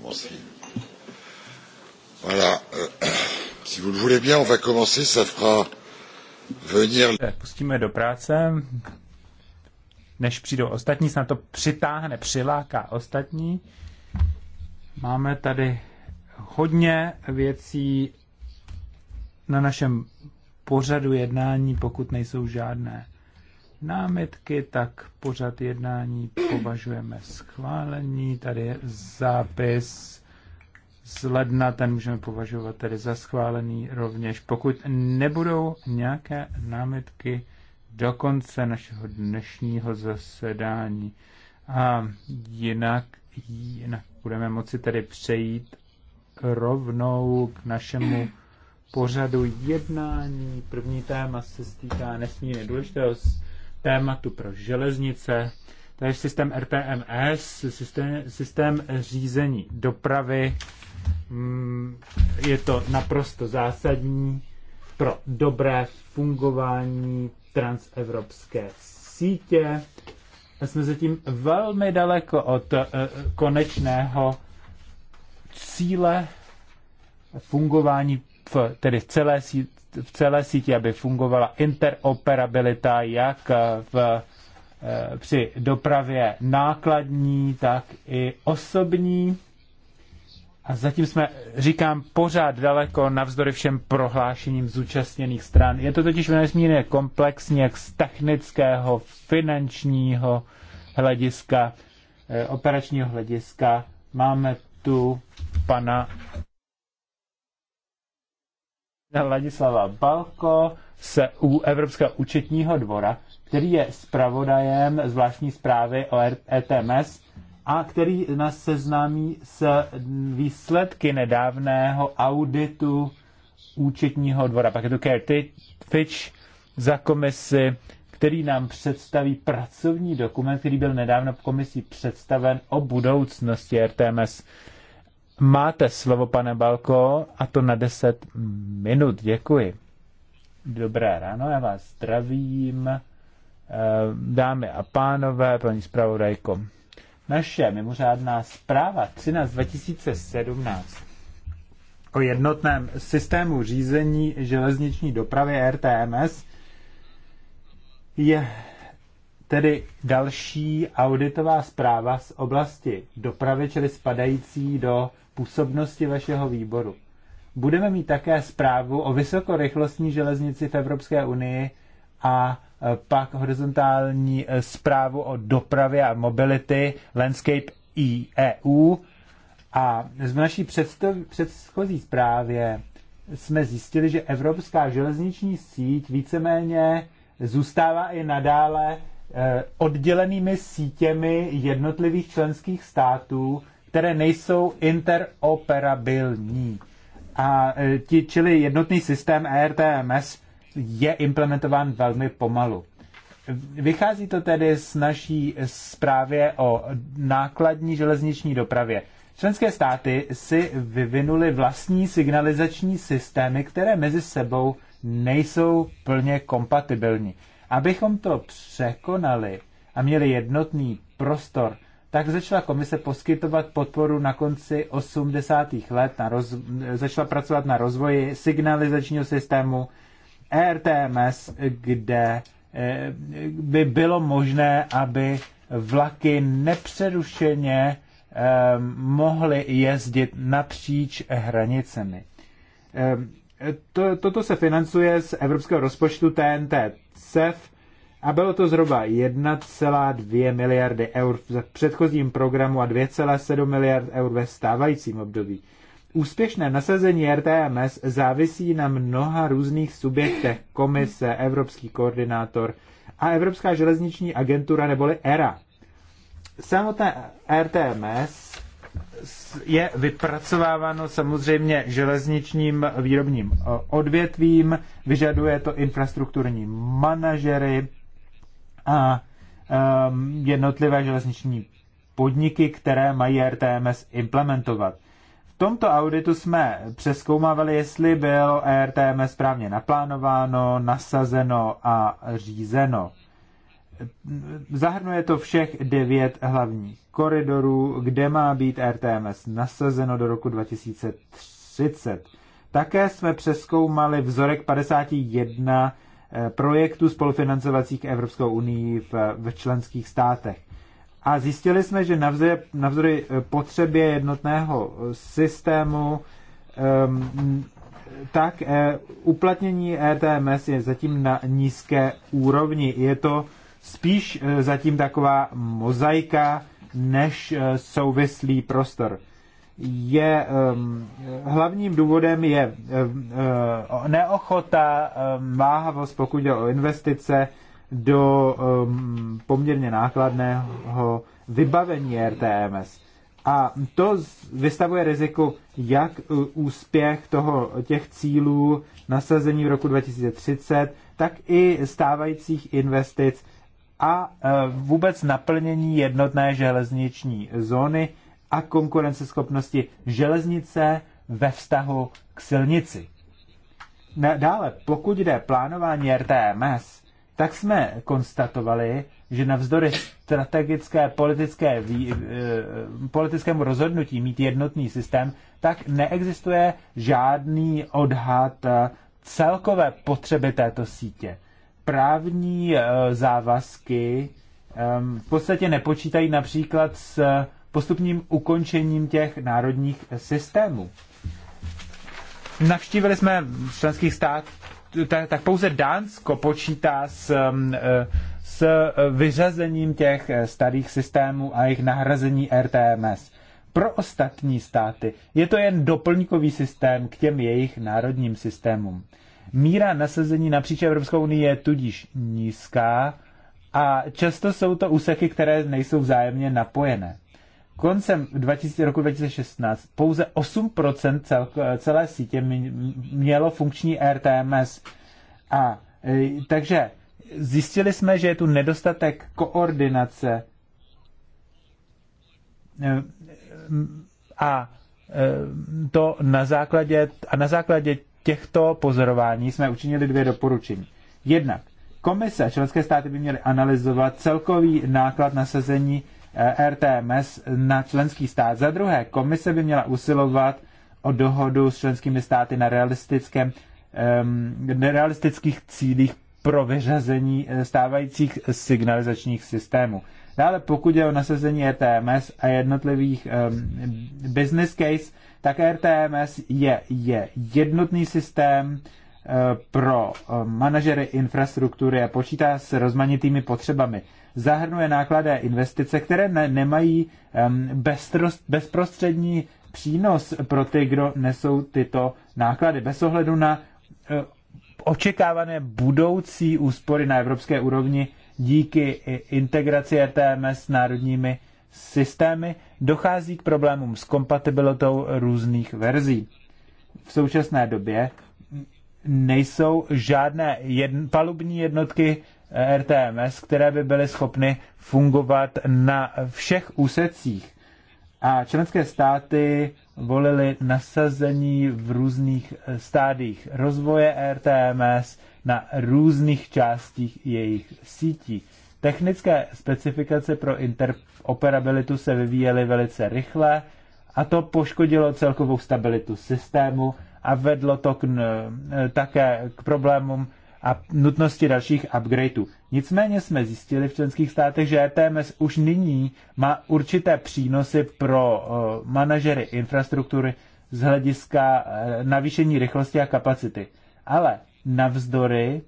commencer. Voilà. Euh, si vous le voulez bien, on va commencer. Ça fera venir... Pustíme do práce. Než přijdou ostatní, snad to přitáhne, přiláká ostatní. Máme tady hodně věcí na našem pořadu jednání, pokud nejsou žádné námitky, tak pořad jednání považujeme schválení. Tady je zápis z ledna, ten můžeme považovat tedy za schválený rovněž. Pokud nebudou nějaké námitky do konce našeho dnešního zasedání. A jinak, jinak budeme moci tedy přejít rovnou k našemu pořadu jednání. První téma se stýká nesmírně důležitého tématu pro železnice, to je systém RTMS, systém, systém řízení dopravy. Mm, je to naprosto zásadní pro dobré fungování transevropské sítě. Jsme zatím velmi daleko od eh, konečného cíle fungování v, tedy celé v celé síti, aby fungovala interoperabilita jak v, eh, při dopravě nákladní, tak i osobní. A zatím jsme, říkám, pořád daleko navzdory všem prohlášením zúčastněných stran. Je to totiž nesmírně komplexní, jak z technického, finančního hlediska, eh, operačního hlediska. Máme tu pana Ladislava Balko z u Evropského účetního dvora, který je zpravodajem zvláštní zprávy o ETMS a který nás seznámí s výsledky nedávného auditu účetního dvora. Pak je tu Kerry Fitch za komisi, který nám představí pracovní dokument, který byl nedávno komisí představen o budoucnosti RTMS. Máte slovo, pane Balko, a to na 10 minut. Děkuji. Dobré ráno, já vás zdravím, eh, dámy a pánové, paní zpravodajko. Naše mimořádná zpráva 13 2017 o jednotném systému řízení železniční dopravy RTMS je tedy další auditová zpráva z oblasti dopravy, čili spadající do působnosti vašeho výboru. Budeme mít také zprávu o vysokorychlostní železnici v Evropské unii a e, pak horizontální e, zprávu o dopravě a mobility Landscape EU. A v naší předchozí zprávě jsme zjistili, že evropská železniční síť víceméně zůstává i nadále e, oddělenými sítěmi jednotlivých členských států, které nejsou interoperabilní. A e, ti, čili jednotný systém ERTMS je implementován velmi pomalu. Vychází to tedy z naší zprávě o nákladní železniční dopravě. Členské státy si vyvinuli vlastní signalizační systémy, které mezi sebou nejsou plně kompatibilní. Abychom to překonali a měli jednotný prostor, tak začala komise poskytovat podporu na konci 80. let, na roz, začala pracovat na rozvoji signalizačního systému ERTMS, kde eh, by bylo možné, aby vlaky nepřerušeně eh, mohly jezdit napříč hranicemi. Eh, to, toto se financuje z evropského rozpočtu TNT CEF a bylo to zhruba 1,2 miliardy eur v předchozím programu a 2,7 miliard eur ve stávajícím období. Úspěšné nasazení RTMS závisí na mnoha různých subjektech komise, Evropský koordinátor a Evropská železniční agentura neboli ERA. Samotné RTMS je vypracováváno samozřejmě železničním výrobním odvětvím, vyžaduje to infrastrukturní manažery, a um, jednotlivé železniční podniky, které mají RTMS implementovat. V tomto auditu jsme přeskoumávali, jestli bylo RTMS správně naplánováno, nasazeno a řízeno. Zahrnuje to všech devět hlavních koridorů, kde má být RTMS nasazeno do roku 2030. Také jsme přeskoumali vzorek 51 projektů spolufinancovacích Evropskou unii v, v členských státech. A zjistili jsme, že navzdory, navzory eh, potřebě jednotného eh, systému, um, tak eh, e, uplatnění ETMS je zatím na nízké úrovni. Je to spíš e, zatím taková mozaika než e, souvislý prostor je ehm, hlavním důvodem je ehm, eh, neochota, váhavost, ehm, pokud jde o investice do poměrně nákladného vybavení RTMS. A to vystavuje riziku jak úspěch toho, těch cílů nasazení v roku 2030, tak i stávajících investic a eh, vůbec naplnění jednotné železniční zóny, a konkurenceschopnosti železnice ve vztahu k silnici. Dále, pokud jde plánování RTMS, tak jsme konstatovali, že navzdory strategické politické, vý, e, politickému rozhodnutí mít jednotný systém, tak neexistuje žádný odhad celkové potřeby této sítě. Právní e, závazky e, v podstatě nepočítají například s postupným ukončením těch národních systémů. Navštívili jsme v členských stát, tak, tak pouze Dánsko počítá s, um, eh, s vyřazením těch eh, starých systémů a jejich nahrazení RTMS. Pro ostatní státy je to jen doplňkový systém k těm jejich národním systémům. Míra nasazení napříč Evropskou unii je tudíž nízká a často jsou to úseky, které nejsou vzájemně napojené koncem 2000, roku 2016 pouze 8% cel, celé sítě mělo funkční RTMS. A e, takže zjistili jsme, že je tu nedostatek koordinace e, a e, to na základě, a na základě těchto pozorování jsme učinili dvě doporučení. Jednak, komise a členské státy by měly analyzovat celkový náklad nasazení E RTMS na členský stát. Za druhé, komise by měla usilovat o dohodu s členskými státy na realistickém, um, realistických cílích pro vyřazení e, stávajících signalizačních systémů. Dále pokud je o nasazení RTMS e a jednotlivých um, business case, tak RTMS je, je jednotný systém uh, pro uh, manažery infrastruktury a počítá s rozmanitými potřebami zahrnuje nákladé investice, které ne, nemají bezprost, bezprostřední přínos pro ty, kdo nesou tyto náklady, bez ohledu na e, očekávané budoucí úspory na evropské úrovni díky integraci ETMS s národními systémy, dochází k problémům s kompatibilitou různých verzí. V současné době nejsou žádné jedn, palubní jednotky RTMS, které by byly schopny fungovat na všech úsecích. A členské státy volily nasazení v různých eh, stádích rozvoje RTMS na různých částích jejich sítí. Technické specifikace pro interoperabilitu se vyvíjely velice rychle a to poškodilo celkovou stabilitu systému a vedlo to k, eh, také k problémům a nutnosti dalších upgradeů. Nicméně jsme zjistili v členských státech, že ETMS už nyní má určité přínosy pro eh, manažery infrastruktury z hlediska eh, navýšení rychlosti a kapacity. Ale navzdory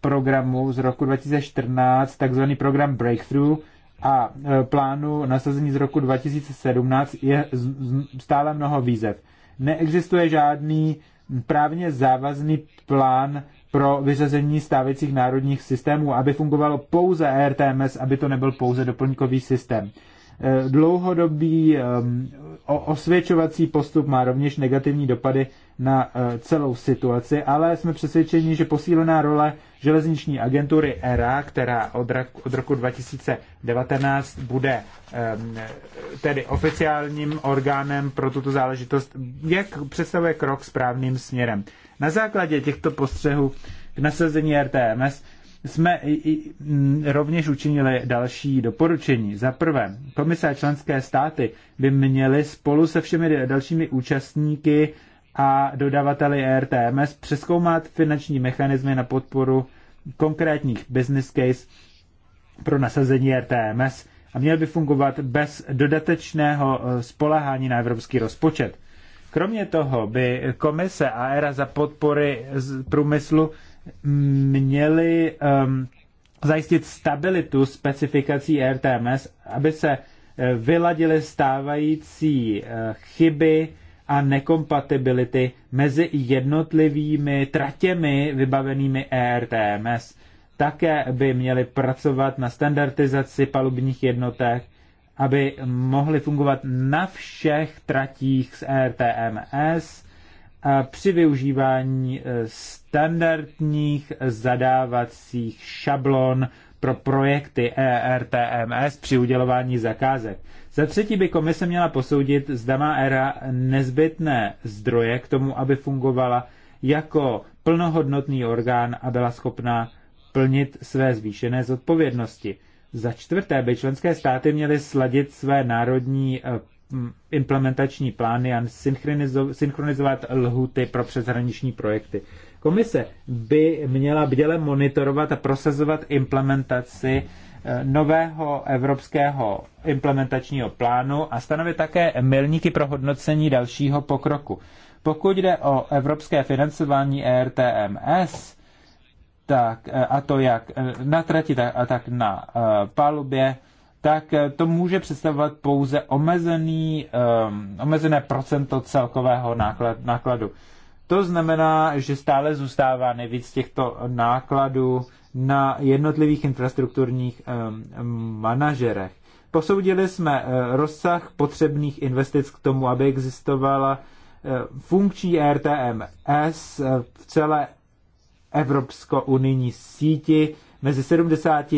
programu z roku 2014, takzvaný program Breakthrough a eh, plánu nasazení z roku 2017 je stále mnoho výzev. Neexistuje žádný právně závazný plán pro vyřazení stávajících národních systémů, aby fungovalo pouze ERTMS, aby to nebyl pouze doplňkový systém. E, dlouhodobý osvědčovací postup má rovněž negativní dopady na e, celou situaci, ale jsme přesvědčeni, že posílená role železniční agentury ERA, která od roku, od roku 2019 bude tedy oficiálním orgánem pro tuto záležitost, jak představuje krok správným směrem. Na základě těchto postřehů k nasazení RTMS jsme i, rovněž učinili další doporučení. Za prvé, komise a členské státy by měly spolu se všemi dalšími účastníky a dodavateli RTMS přeskoumat finanční mechanismy na podporu konkrétních business case pro nasazení RTMS a měl by fungovat bez dodatečného eh, spolehání na evropský rozpočet. Kromě toho by komise a ERA za podpory průmyslu měly um, zajistit stabilitu specifikací RTMS, aby se eh, vyladily stávající eh, chyby a nekompatibility mezi jednotlivými tratěmi vybavenými ERTMS. Také by měly pracovat na standardizaci palubních jednotek aby mohly fungovat na všech tratích s RTMS při využívání e, standardních zadávacích šablon pro projekty ERTMS při udělování zakázek. Za třetí by komise měla posoudit, zda má ERA nezbytné zdroje k tomu, aby fungovala jako plnohodnotný orgán a byla schopná plnit své zvýšené zodpovědnosti. Za čtvrté by členské státy měly sladit své národní eh, implementační plány a synchronizovat lhuty pro přeshraniční projekty. Komise by měla bděle monitorovat a prosazovat implementaci eh, nového evropského implementačního plánu a stanovit také milníky pro hodnocení dalšího pokroku. Pokud jde o evropské financování ERTMS, tak, eh, a to jak eh, na trati, tak, a tak na eh, palubě, tak to může představovat pouze omezený, um, omezené procento celkového náklad, nákladu. To znamená, že stále zůstává nejvíc těchto nákladů na jednotlivých infrastrukturních um, manažerech. Posoudili jsme rozsah potřebných investic k tomu, aby existovala funkční RTMS v celé evropsko-unijní síti mezi 70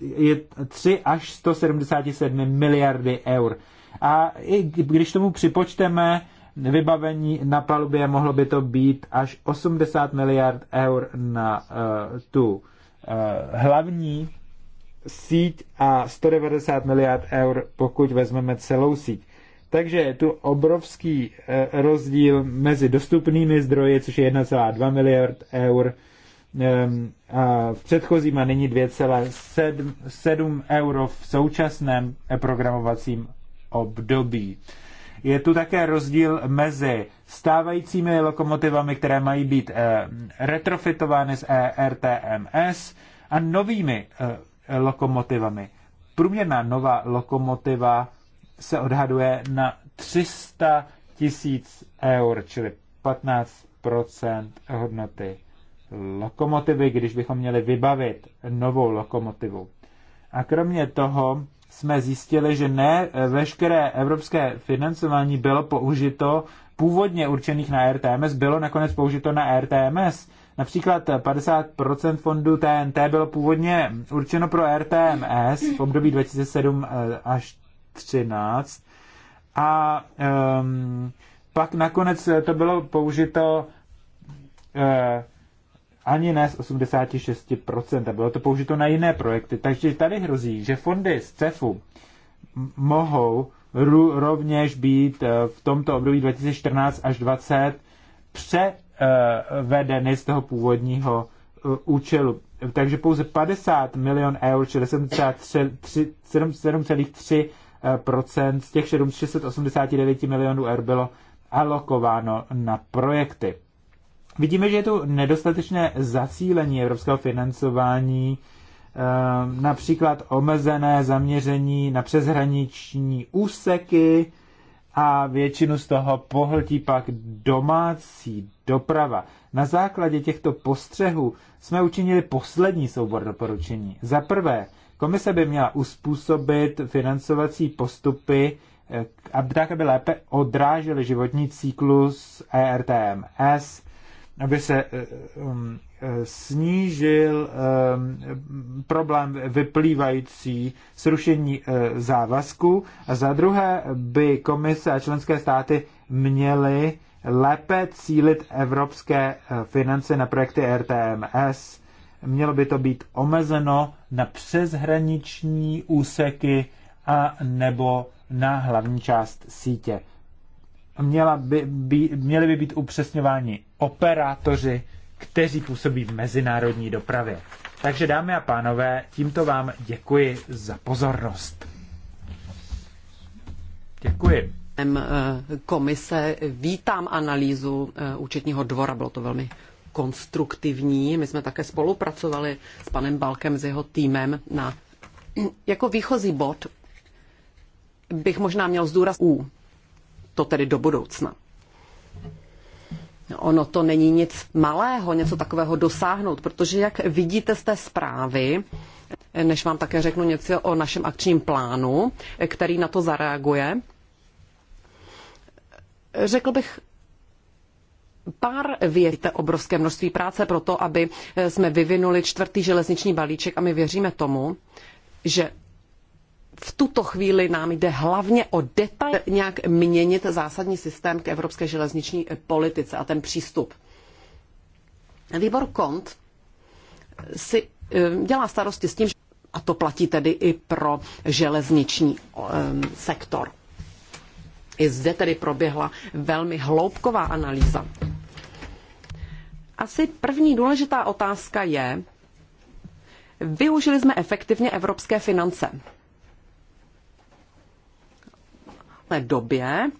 je 3 až 177 miliardy eur. A i když tomu připočteme vybavení na palubě, mohlo by to být až 80 miliard eur na uh, tu uh, hlavní síť a 190 miliard eur, pokud vezmeme celou síť. Takže je tu obrovský uh, rozdíl mezi dostupnými zdroji, což je 1,2 miliard eur, v ehm, předchozím a nyní 2,7 euro v současném programovacím období. Je tu také rozdíl mezi stávajícími lokomotivami, které mají být ehm, retrofitovány z ERTMS a novými eh, lokomotivami. Průměrná nová lokomotiva se odhaduje na 300 tisíc eur, čili 15 hodnoty lokomotivy, když bychom měli vybavit novou lokomotivu. A kromě toho jsme zjistili, že ne veškeré evropské financování bylo použito původně určených na RTMS, bylo nakonec použito na RTMS. Například 50% fondu TNT bylo původně určeno pro RTMS v období 2007 eh, až 2013 a um, pak nakonec to bylo použito uh, ani ne z 86%. A bylo to použito na jiné projekty. Takže tady hrozí, že fondy z CEFu mohou rovněž být eh, v tomto období 2014 až 2020 převedeny z toho původního eh, účelu. Takže pouze 50 milion eur, čili 7,3 eh, z těch 689 milionů eur bylo alokováno na projekty. Vidíme, že je tu nedostatečné zacílení evropského financování, eh, například omezené zaměření na přeshraniční úseky a většinu z toho pohltí pak domácí doprava. Na základě těchto postřehů jsme učinili poslední soubor doporučení. Za prvé, komise by měla uspůsobit financovací postupy aby eh, tak, aby lépe odrážely životní cyklus ERTMS aby se eh, um, eh, snížil ehm, problém vyplývající z rušení eh, závazku a za druhé by komise a členské státy měly lépe cílit evropské finance na projekty RTMS. Mělo by to být omezeno na přeshraniční úseky a nebo na hlavní část sítě měla by, by, měly by být upřesňováni operátoři, kteří působí v mezinárodní dopravě. Takže dámy a pánové, tímto vám děkuji za pozornost. Děkuji. Eh, komise vítám analýzu eh, účetního dvora, bylo to velmi konstruktivní. My jsme také spolupracovali s panem Balkem, s jeho týmem na jako výchozí bod bych možná měl zdůraz U to tedy do budoucna. Ono to není nic malého, něco takového dosáhnout, protože jak vidíte z té zprávy, než vám také řeknu něco o našem akčním plánu, který na to zareaguje, řekl bych pár věříte obrovské množství práce pro to, aby jsme vyvinuli čtvrtý železniční balíček a my věříme tomu, že v tuto chvíli nám jde hlavně o detail, nějak měnit zásadní systém k evropské železniční eh, politice a ten přístup. Výbor Kont si eh, dělá starosti s tím, a to platí tedy i pro železniční eh, sektor. I zde tedy proběhla velmi hloubková analýza. Asi první důležitá otázka je, využili jsme efektivně evropské finance. době,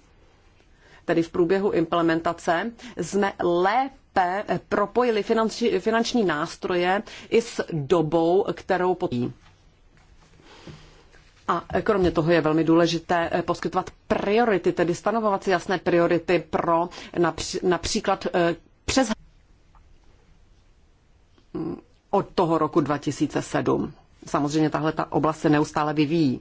tedy v průběhu implementace, jsme lépe propojili finanční, finanční nástroje i s dobou, kterou potí. A kromě toho je velmi důležité eh, poskytovat priority, tedy stanovovat si jasné priority pro napří, například eh, přes hmm, od toho roku 2007. Samozřejmě tahle ta oblast se neustále vyvíjí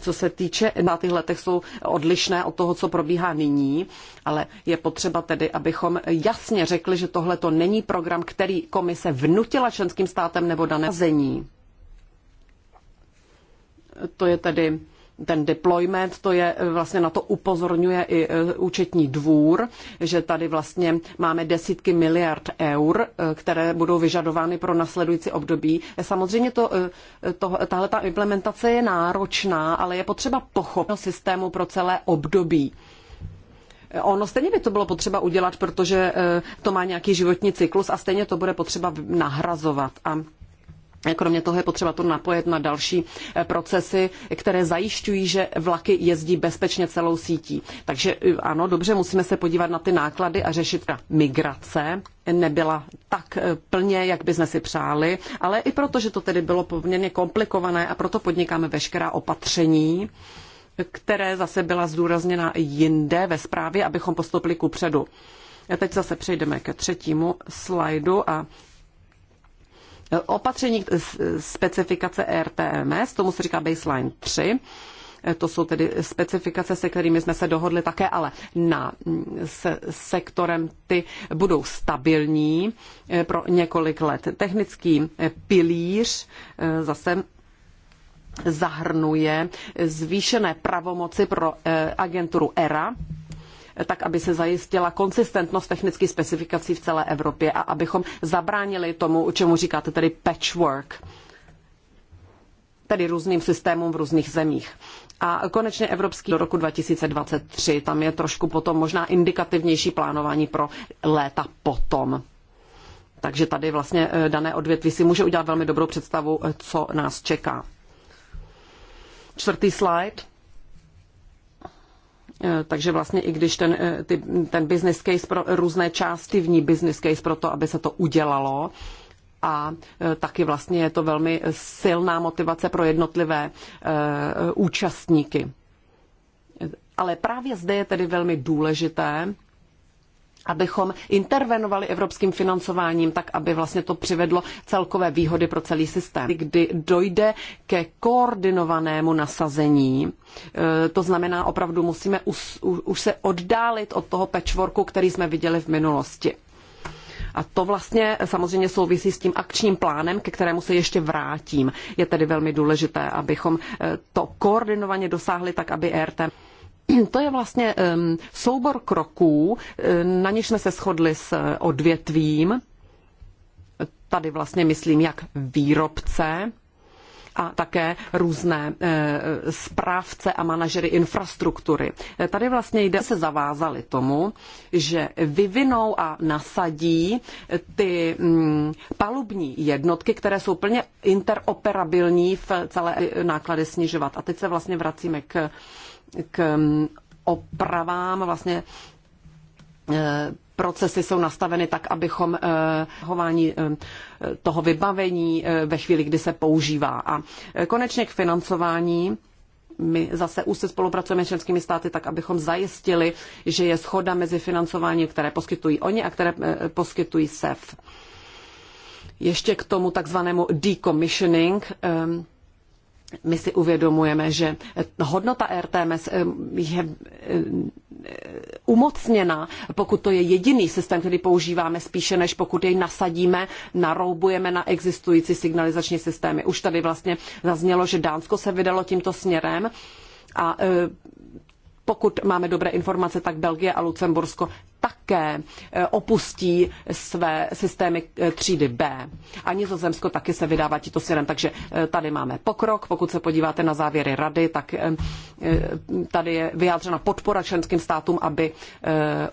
co se týče na těch letech, jsou odlišné od toho, co probíhá nyní, ale je potřeba tedy, abychom jasně řekli, že tohle to není program, který komise vnutila členským státem nebo dané zení. To je tedy ten deployment, to je eh, vlastně na to upozorňuje i eh, účetní dvůr, že tady vlastně máme desítky miliard eur, eh, které budou vyžadovány pro nasledující období. Samozřejmě to, to, tahle ta implementace je náročná, ale je potřeba pochopit systému pro celé období. Ono stejně by to bylo potřeba udělat, protože to má nějaký životní cyklus a stejně to bude potřeba nahrazovat. A Kromě toho je potřeba to napojit na další eh, procesy, které zajišťují, že vlaky jezdí bezpečně celou sítí. Takže eh, ano, dobře, musíme se podívat na ty náklady a řešit ta migrace nebyla tak eh, plně, jak bychom si přáli, ale i proto, že to tedy bylo poměrně komplikované a proto podnikáme veškerá opatření, které zase byla zdůrazněna jinde ve zprávě, abychom postoupili ku předu. Teď zase přejdeme ke třetímu slajdu a opatření specifikace RTMS, tomu se říká baseline 3, to jsou tedy specifikace, se kterými jsme se dohodli také, ale na mm, se sektorem ty budou stabilní eh, pro několik let. Technický eh, pilíř eh, zase zahrnuje zvýšené pravomoci pro agenturu ERA, tak aby se zajistila konsistentnost technických specifikací v celé Evropě a abychom zabránili tomu, čemu říkáte tedy patchwork, tedy různým systémům v různých zemích. A konečně evropský do roku 2023, tam je trošku potom možná indikativnější plánování pro léta potom. Takže tady vlastně eh, dané odvětví si může udělat velmi dobrou představu, eh, co nás čeká. Čtvrtý slide. Eh, takže vlastně i když ten, eh, ty, ten business case pro různé části v ní business case pro to, aby se to udělalo, a eh, taky vlastně je to velmi silná motivace pro jednotlivé účastníky. Ale právě zde je tedy velmi důležité, abychom intervenovali evropským financováním tak, aby vlastně to přivedlo celkové výhody pro celý systém. Kdy dojde ke koordinovanému nasazení, eh, to znamená opravdu musíme už, už se oddálit od toho patchworku, který jsme viděli v minulosti. A to vlastně samozřejmě souvisí s tím akčním plánem, ke kterému se ještě vrátím. Je tedy velmi důležité, abychom eh, to koordinovaně dosáhli tak, aby ERTM to je vlastně soubor kroků, na něž jsme se shodli s eh, odvětvím. Tady vlastně myslím jak výrobce, a také různé eh, správce a manažery infrastruktury. Eh, tady vlastně jde, se zavázali tomu, že vyvinou a nasadí ty mm, palubní jednotky, které jsou plně interoperabilní v celé náklady snižovat. A teď se vlastně vracíme k k mm, opravám. Vlastně eh, procesy jsou nastaveny tak, abychom eh, chování eh, toho vybavení ve chvíli, kdy se používá. A konečně k financování. My zase už se spolupracujeme s členskými státy tak, abychom zajistili, že je schoda mezi financováním, které poskytují oni a které poskytují SEF. Ještě k tomu takzvanému decommissioning. Um, my si uvědomujeme, že hodnota RTMS eh, je eh, umocněna, pokud to je jediný systém, který používáme spíše, než pokud jej nasadíme, naroubujeme na existující signalizační systémy. Už tady vlastně zaznělo, že Dánsko se vydalo tímto směrem a eh, pokud máme dobré informace, tak Belgie a Lucembursko také eh, opustí své systémy eh, třídy B. A Nizozemsko taky se vydává tímto směrem. Takže eh, tady máme pokrok. Pokud se podíváte na závěry rady, tak tady je vyjádřena podpora členským státům, aby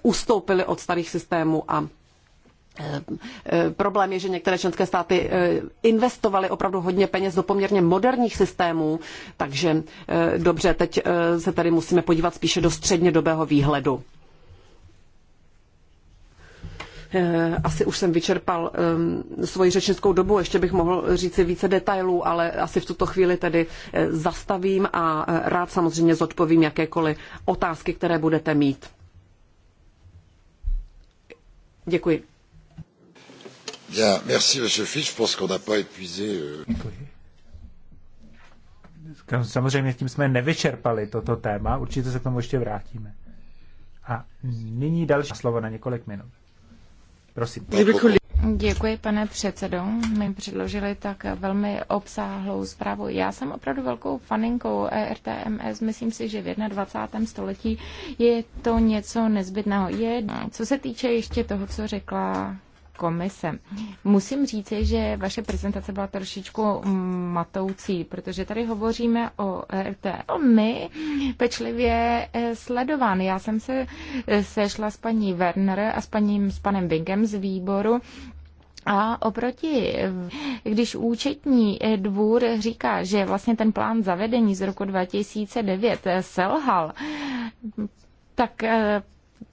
ustoupili od starých systémů a Problém je, že některé členské státy investovaly opravdu hodně peněz do poměrně moderních systémů, takže dobře, teď se tady musíme podívat spíše do střednědobého výhledu. Eh, asi už jsem vyčerpal ehm, svoji řečnickou dobu, ještě bych mohl říci více detailů, ale asi v tuto chvíli tedy eh, zastavím a eh, rád samozřejmě zodpovím jakékoliv otázky, které budete mít. Děkuji. Bien, merci, monsieur Fitch. Je pense qu'on n'a pas épuisé... Euh, samozřejmě tím jsme nevyčerpali toto téma, určitě se k tomu ještě vrátíme. A nyní další slovo na několik minut. Prosím. Děkuji, pane předsedo. My předložili tak velmi obsáhlou zprávu. Já jsem opravdu velkou faninkou e RTMS. Myslím si, že v 21. století je to něco nezbytného. Je, co se týče ještě toho, co řekla komise. Musím říct, že vaše prezentace byla trošičku matoucí, protože tady hovoříme o RT. My pečlivě eh, sledován. Já jsem se eh, sešla s paní Werner a s, paním, s panem Bingem z výboru a oproti, eh, když účetní dvůr říká, že vlastně ten plán zavedení z roku 2009 selhal, tak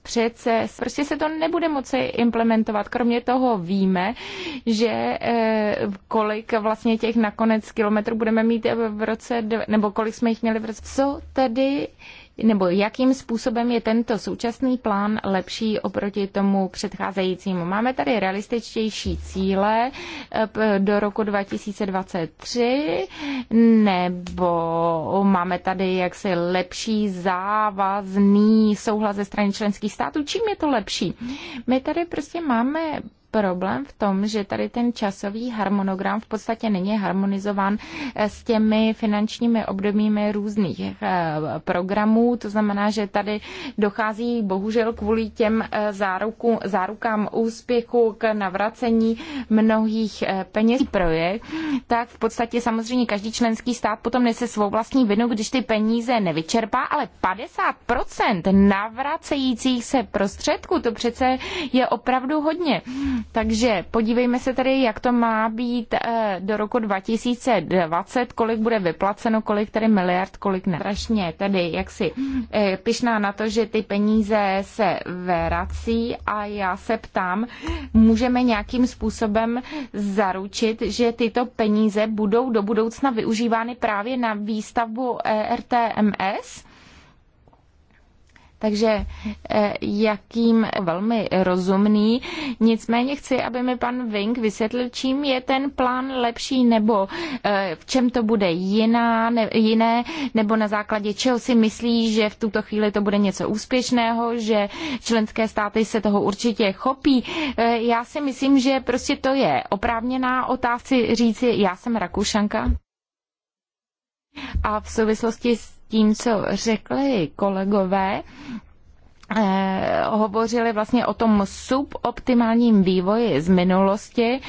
přece prostě se to nebude moci implementovat. Kromě toho víme, že eh, kolik vlastně těch nakonec kilometrů budeme mít v roce, nebo kolik jsme jich měli v roce. Co tedy nebo jakým způsobem je tento současný plán lepší oproti tomu předcházejícímu. Máme tady realističtější cíle eh, do roku 2023, nebo máme tady jaksi lepší závazný souhlas ze strany členských států. Čím je to lepší? My tady prostě máme problém v tom, že tady ten časový harmonogram v podstatě není harmonizován eh, s těmi finančními obdobími různých eh, programů. To znamená, že tady dochází bohužel kvůli těm eh, záruku, zárukám úspěchu k navracení mnohých peněz projekt, tak v podstatě samozřejmě každý členský stát potom nese svou vlastní vinu, když ty peníze nevyčerpá, ale 50% navracejících se prostředků, to přece je opravdu hodně. Takže podívejme se tedy, jak to má být eh, do roku 2020, kolik bude vyplaceno, kolik tedy miliard, kolik ne. Strašně tedy, jak si eh, pišná na to, že ty peníze se vrací a já se ptám, můžeme nějakým způsobem zaručit, že tyto peníze budou do budoucna využívány právě na výstavbu ERTMS? Eh, takže eh, jakým velmi rozumný. Nicméně chci, aby mi pan Vink vysvětlil, čím je ten plán lepší, nebo eh, v čem to bude jiná, ne, jiné, nebo na základě čeho si myslí, že v tuto chvíli to bude něco úspěšného, že členské státy se toho určitě chopí. Eh, já si myslím, že prostě to je oprávněná otázka říci, já jsem Rakušanka. A v souvislosti s tím, co řekli kolegové, Eh, hovořili vlastně o tom suboptimálním vývoji z minulosti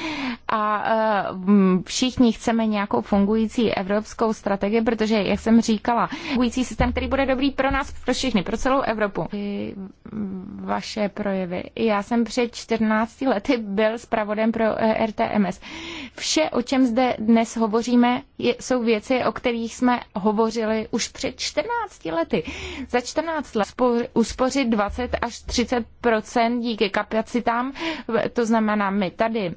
a eh, všichni chceme nějakou fungující evropskou strategii, protože, jak jsem říkala, fungující systém, který bude dobrý pro nás, pro všechny, pro celou Evropu. Vaše projevy. Já jsem před 14 lety byl zpravodem pro eh, RTMS. Vše, o čem zde dnes hovoříme, jsou věci, o kterých jsme hovořili už před 14 lety. Za 14 let uspořit 20 až 30 díky kapacitám. To znamená, my tady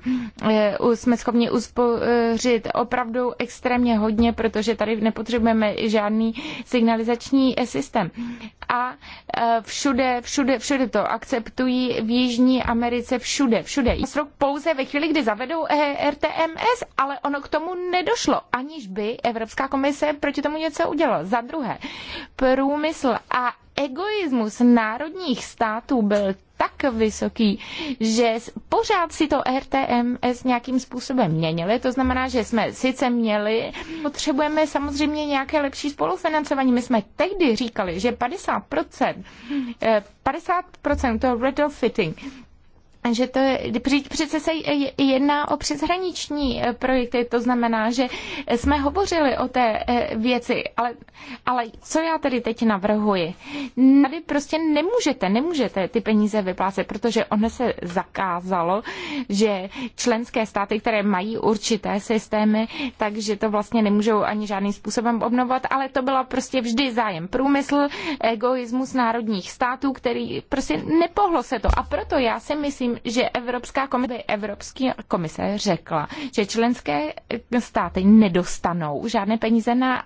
eh, jsme schopni uspořit opravdu extrémně hodně, protože tady nepotřebujeme žádný signalizační systém. A eh, všude, všude, všude to akceptují v Jižní Americe, všude, všude. Srok pouze ve chvíli, kdy zavedou eh, RTMS, ale ono k tomu nedošlo, aniž by Evropská komise proti tomu něco udělala. Za druhé, průmysl a egoismus národních států byl tak vysoký, že pořád si to RTMS nějakým způsobem měnili. To znamená, že jsme sice měli, potřebujeme samozřejmě nějaké lepší spolufinancování. My jsme tehdy říkali, že 50%, 50% eh, toho retrofitting že to je, přece se jedná o přeshraniční eh, projekty, to znamená, že jsme hovořili o té eh, věci, ale, ale co já tedy teď navrhuji? Tady prostě nemůžete, nemůžete ty peníze vyplácet, protože ono se zakázalo, že členské státy, které mají určité systémy, takže to vlastně nemůžou ani žádným způsobem obnovovat, ale to byla prostě vždy zájem průmysl, egoismus národních států, který prostě nepohlo se to. A proto já si myslím, že Evropská komise, Evropský komise řekla, že členské státy nedostanou žádné peníze na,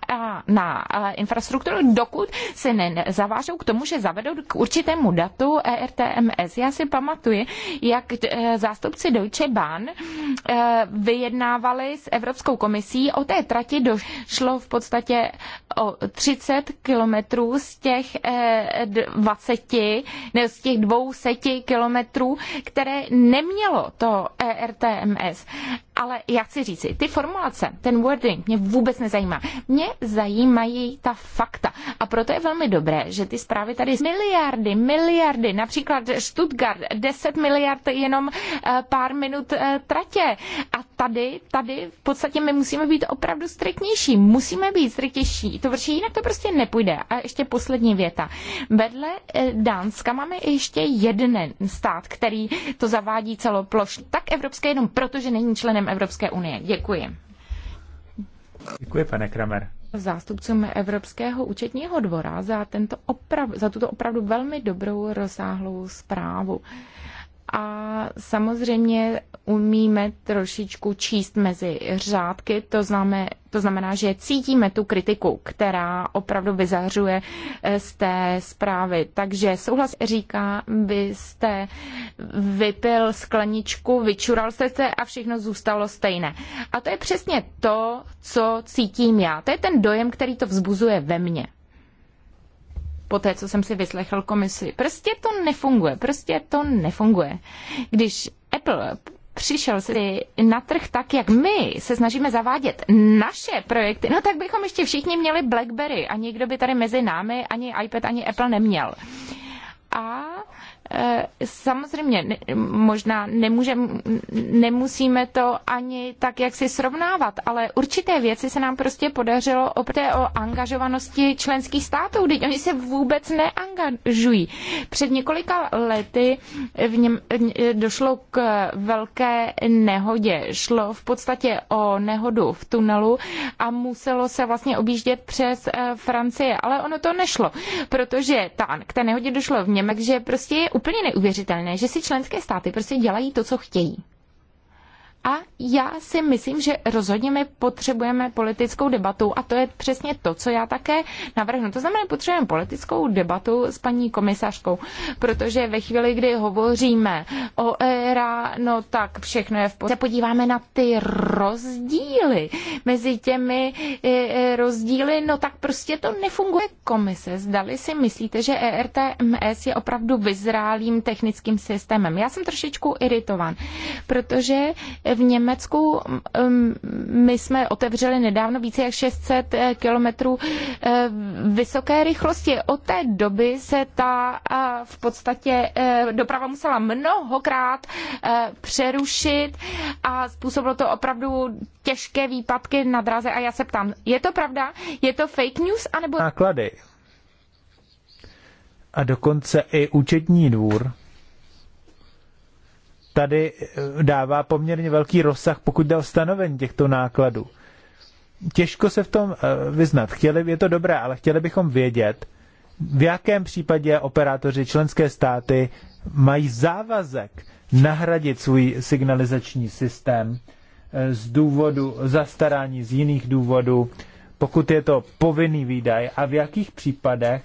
na infrastrukturu, dokud se nezavážou k tomu, že zavedou k určitému datu ERTMS. Já si pamatuji, jak e, zástupci Deutsche Bahn e, vyjednávali s Evropskou komisí o té trati došlo v podstatě o 30 kilometrů z těch 20, e, ne, z těch 200 kilometrů, které které nemělo to ERTMS ale já chci říci, ty formulace, ten wording mě vůbec nezajímá. Mě zajímají ta fakta. A proto je velmi dobré, že ty zprávy tady miliardy, miliardy, například Stuttgart, 10 miliard jenom eh, pár minut eh, tratě. A tady, tady v podstatě my musíme být opravdu striktnější. Musíme být striktnější. To vrčí, jinak to prostě nepůjde. A ještě poslední věta. Vedle eh, Dánska máme ještě jeden stát, který to zavádí celoplošně. Tak evropské jenom proto, že není členem Evropské unie. Děkuji. Děkuji, pane Kramer. Zástupcům Evropského účetního dvora za, tento oprav, za tuto opravdu velmi dobrou rozsáhlou zprávu a samozřejmě umíme trošičku číst mezi řádky, to znamená, to znamená, že cítíme tu kritiku, která opravdu vyzařuje eh, z té zprávy. Takže souhlas říká, byste vypil skleničku, vyčural jste se a všechno zůstalo stejné. A to je přesně to, co cítím já. To je ten dojem, který to vzbuzuje ve mně po té, co jsem si vyslechl komisi. Prostě to nefunguje, prostě to nefunguje. Když Apple přišel si na trh tak, jak my se snažíme zavádět naše projekty, no tak bychom ještě všichni měli BlackBerry a nikdo by tady mezi námi ani iPad, ani Apple neměl. A Eh, samozřejmě možná nemůžem, nemusíme to ani tak, jak si srovnávat, ale určité věci se nám prostě podařilo opět o angažovanosti členských států, teď oni se vůbec neangažují. Před několika lety v něm, došlo k velké nehodě. Šlo v podstatě o nehodu v tunelu a muselo se vlastně objíždět přes eh, Francii, ale ono to nešlo, protože ta, k té nehodě došlo v Němec, že prostě je úplně neuvěřitelné, že si členské státy prostě dělají to, co chtějí. A já si myslím, že rozhodně my potřebujeme politickou debatu a to je přesně to, co já také navrhnu. To znamená, potřebujeme politickou debatu s paní komisařkou, protože ve chvíli, kdy hovoříme o ERA, no tak všechno je v pořádku. Podíváme na ty rozdíly mezi těmi e, e, rozdíly, no tak prostě to nefunguje komise. Zdali si myslíte, že ERTMS je opravdu vyzrálým technickým systémem. Já jsem trošičku iritovan, protože v Německu mm, mm, my jsme otevřeli nedávno více jak 600 eh, kilometrů eh, vysoké rychlosti. Od té doby se ta eh, v podstatě doprava musela mnohokrát přerušit a způsobilo to opravdu těžké výpadky na dráze. A já se ptám, je to pravda? Je to fake news? Anebo... Náklady. A dokonce i účetní dvůr tady eh, dává poměrně velký rozsah, pokud jde o stanovení těchto nákladů. Těžko se v tom eh, vyznat. Chtěli, je to dobré, ale chtěli bychom vědět, v jakém případě operátoři členské státy mají závazek nahradit svůj signalizační systém eh, z důvodu zastarání, z jiných důvodů, pokud je to povinný výdaj a v jakých případech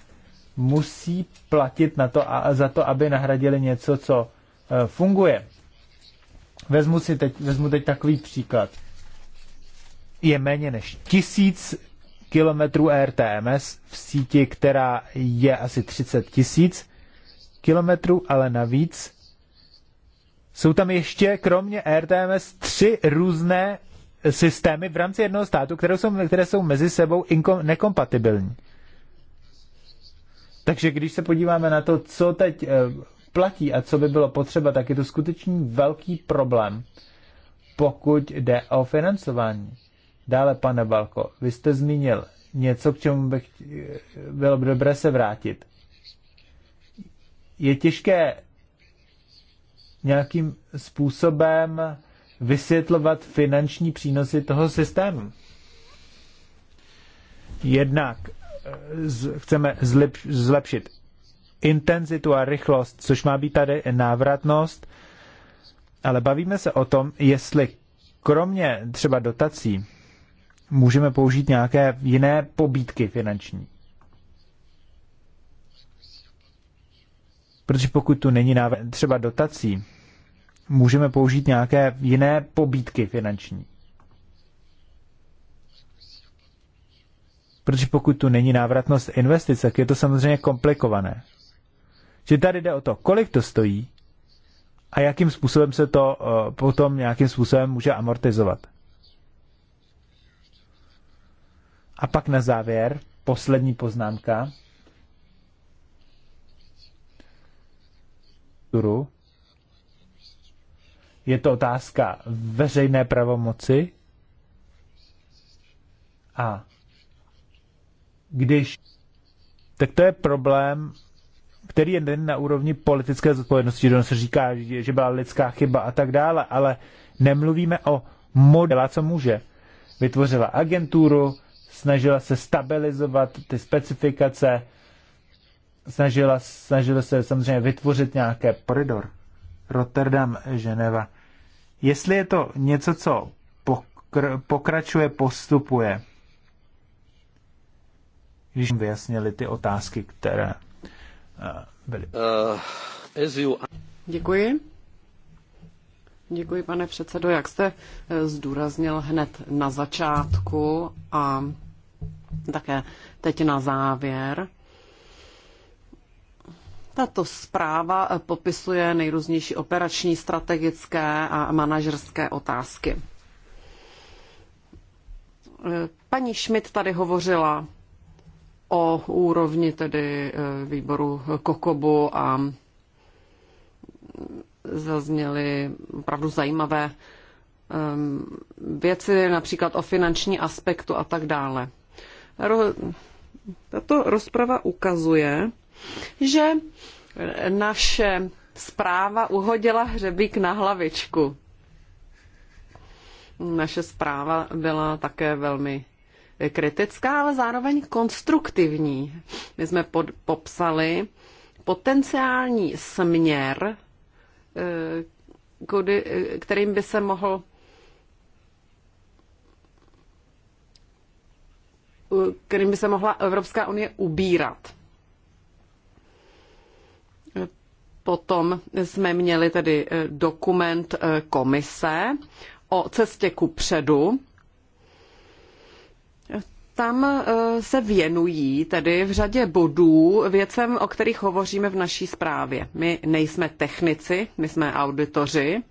musí platit na to a za to, aby nahradili něco, co funguje. Vezmu, si teď, vezmu teď takový příklad. Je méně než tisíc kilometrů RTMS v síti, která je asi 30 tisíc kilometrů, ale navíc jsou tam ještě kromě RTMS tři různé systémy v rámci jednoho státu, které jsou, které jsou mezi sebou inkom, nekompatibilní. Takže když se podíváme na to, co teď eh, platí a co by bylo potřeba, tak je to skutečný velký problém, pokud jde o financování. Dále, pane Balko, vy jste zmínil něco, k čemu bych bylo by dobré se vrátit. Je těžké nějakým způsobem vysvětlovat finanční přínosy toho systému. Jednak eh, z, chceme zlepšit intenzitu a rychlost, což má být tady návratnost, ale bavíme se o tom, jestli kromě třeba dotací můžeme použít nějaké jiné pobídky finanční. Protože pokud tu není návrat, třeba dotací, můžeme použít nějaké jiné pobídky finanční. Protože pokud tu není návratnost investic, tak je to samozřejmě komplikované že tady jde o to, kolik to stojí a jakým způsobem se to eh, potom nějakým způsobem může amortizovat. A pak na závěr, poslední poznámka. Je to otázka veřejné pravomoci a když tak to je problém který je na úrovni politické zodpovědnosti, že se říká, že byla lidská chyba a tak dále, ale nemluvíme o modela, co může. Vytvořila agenturu, snažila se stabilizovat ty specifikace, snažila, snažila se samozřejmě vytvořit nějaké koridor. Rotterdam, Ženeva. Jestli je to něco, co pokr- pokračuje, postupuje, když vyjasnili ty otázky, které byli. Děkuji. Děkuji, pane předsedo. Jak jste eh, zdůraznil hned na začátku a také teď na závěr, tato zpráva eh, popisuje nejrůznější operační, strategické a manažerské otázky. Eh, paní Schmidt tady hovořila o úrovni tedy eh, výboru Kokobu a zazněly opravdu zajímavé ehm, věci, například o finanční aspektu a tak dále. Tato rozprava ukazuje, že naše zpráva uhodila hřebík na hlavičku. Naše zpráva byla také velmi kritická, ale zároveň konstruktivní. My jsme pod, popsali potenciální směr, eh, kudy, eh, kterým by se mohl eh, kterým by se mohla Evropská unie ubírat. Potom jsme měli tedy dokument komise o cestě ku předu, tam eh, se věnují tedy v řadě bodů věcem, o kterých hovoříme v naší zprávě. My nejsme technici, my jsme auditoři,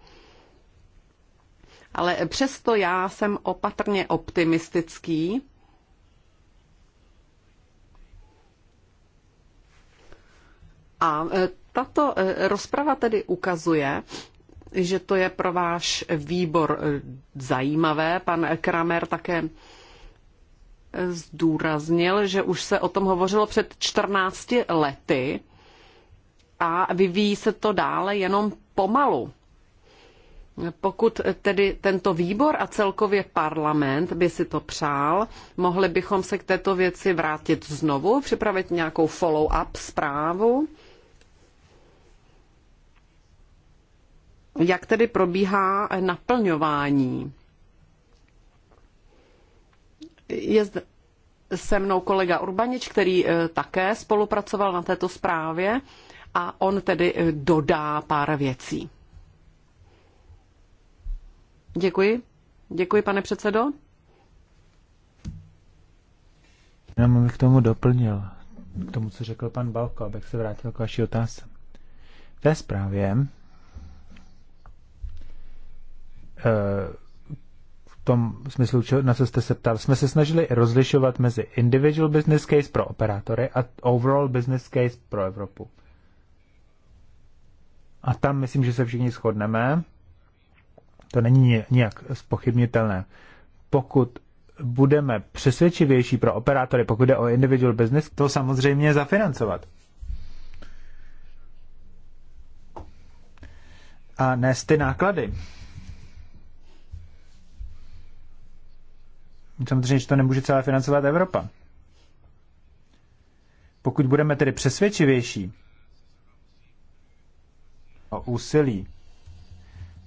ale přesto já jsem opatrně optimistický. A eh, tato eh, rozprava tedy ukazuje, že to je pro váš výbor zajímavé. Pan Kramer také zdůraznil, že už se o tom hovořilo před 14 lety a vyvíjí se to dále jenom pomalu. Pokud tedy tento výbor a celkově parlament by si to přál, mohli bychom se k této věci vrátit znovu, připravit nějakou follow-up zprávu. Jak tedy probíhá naplňování je zde se mnou kolega Urbanič, který eh, také spolupracoval na této zprávě a on tedy eh, dodá pár věcí. Děkuji. Děkuji, pane předsedo. Já bych k tomu doplnil, k tomu, co řekl pan Balko, abych se vrátil k vaší otázce. Ve zprávě eh, tom smyslu, na co jste se ptal, jsme se snažili rozlišovat mezi individual business case pro operátory a overall business case pro Evropu. A tam myslím, že se všichni shodneme. To není nijak spochybnitelné. Pokud budeme přesvědčivější pro operátory, pokud jde o individual business, to samozřejmě zafinancovat. A nést ty náklady. Samozřejmě, že to nemůže celé financovat Evropa. Pokud budeme tedy přesvědčivější o úsilí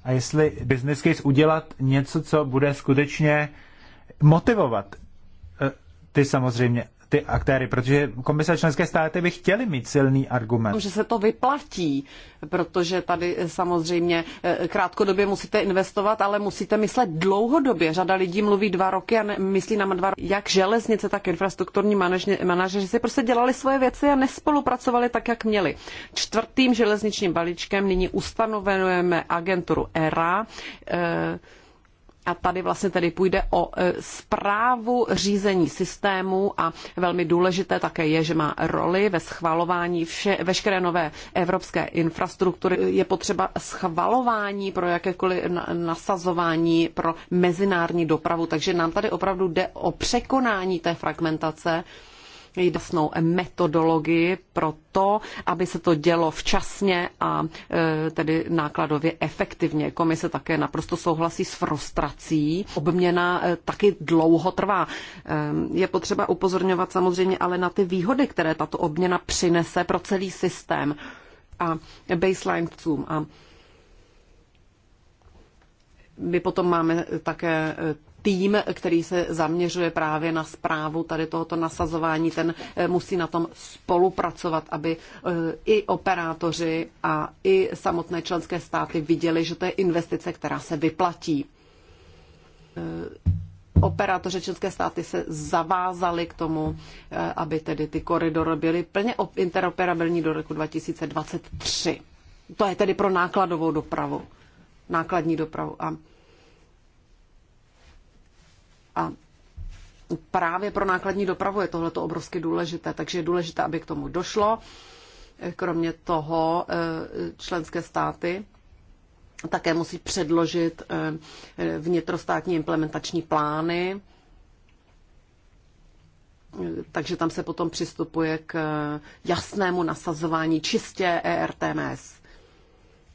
a jestli business case udělat něco, co bude skutečně motivovat eh, ty samozřejmě ty aktéry, protože komise členské státy by chtěly mít silný argument. Že se to vyplatí, protože tady eh, samozřejmě eh, krátkodobě musíte investovat, ale musíte myslet dlouhodobě. Řada lidí mluví dva roky a ne, myslí na dva roky. Jak železnice, tak infrastrukturní manažeři si prostě dělali svoje věci a nespolupracovali tak, jak měli. Čtvrtým železničním balíčkem nyní ustanovenujeme agenturu ERA. E, a tady vlastně tedy půjde o e, zprávu řízení systému a velmi důležité také je, že má roli ve schvalování vše, veškeré nové evropské infrastruktury. Je potřeba schvalování pro jakékoliv nasazování pro mezinárodní dopravu, takže nám tady opravdu jde o překonání té fragmentace jasnou metodologii pro to, aby se to dělo včasně a e, tedy nákladově efektivně. Komise také naprosto souhlasí s frustrací. Obměna e, taky dlouho trvá. Ehm, je potřeba upozorňovat samozřejmě ale na ty výhody, které tato obměna přinese pro celý systém a baseline a my potom máme také e, tým, který se zaměřuje právě na zprávu tady tohoto nasazování, ten eh, musí na tom spolupracovat, aby eh, i operátoři a i samotné členské státy viděli, že to je investice, která se vyplatí eh, Operátoři české státy se zavázali k tomu, aby tedy ty koridory byly plně interoperabilní do roku 2023. To je tedy pro nákladovou dopravu, nákladní dopravu. A a právě pro nákladní dopravu je tohleto obrovsky důležité, takže je důležité, aby k tomu došlo. Kromě toho eh, členské státy také musí předložit eh, vnitrostátní implementační plány, takže tam se potom přistupuje k eh, jasnému nasazování čistě ERTMS.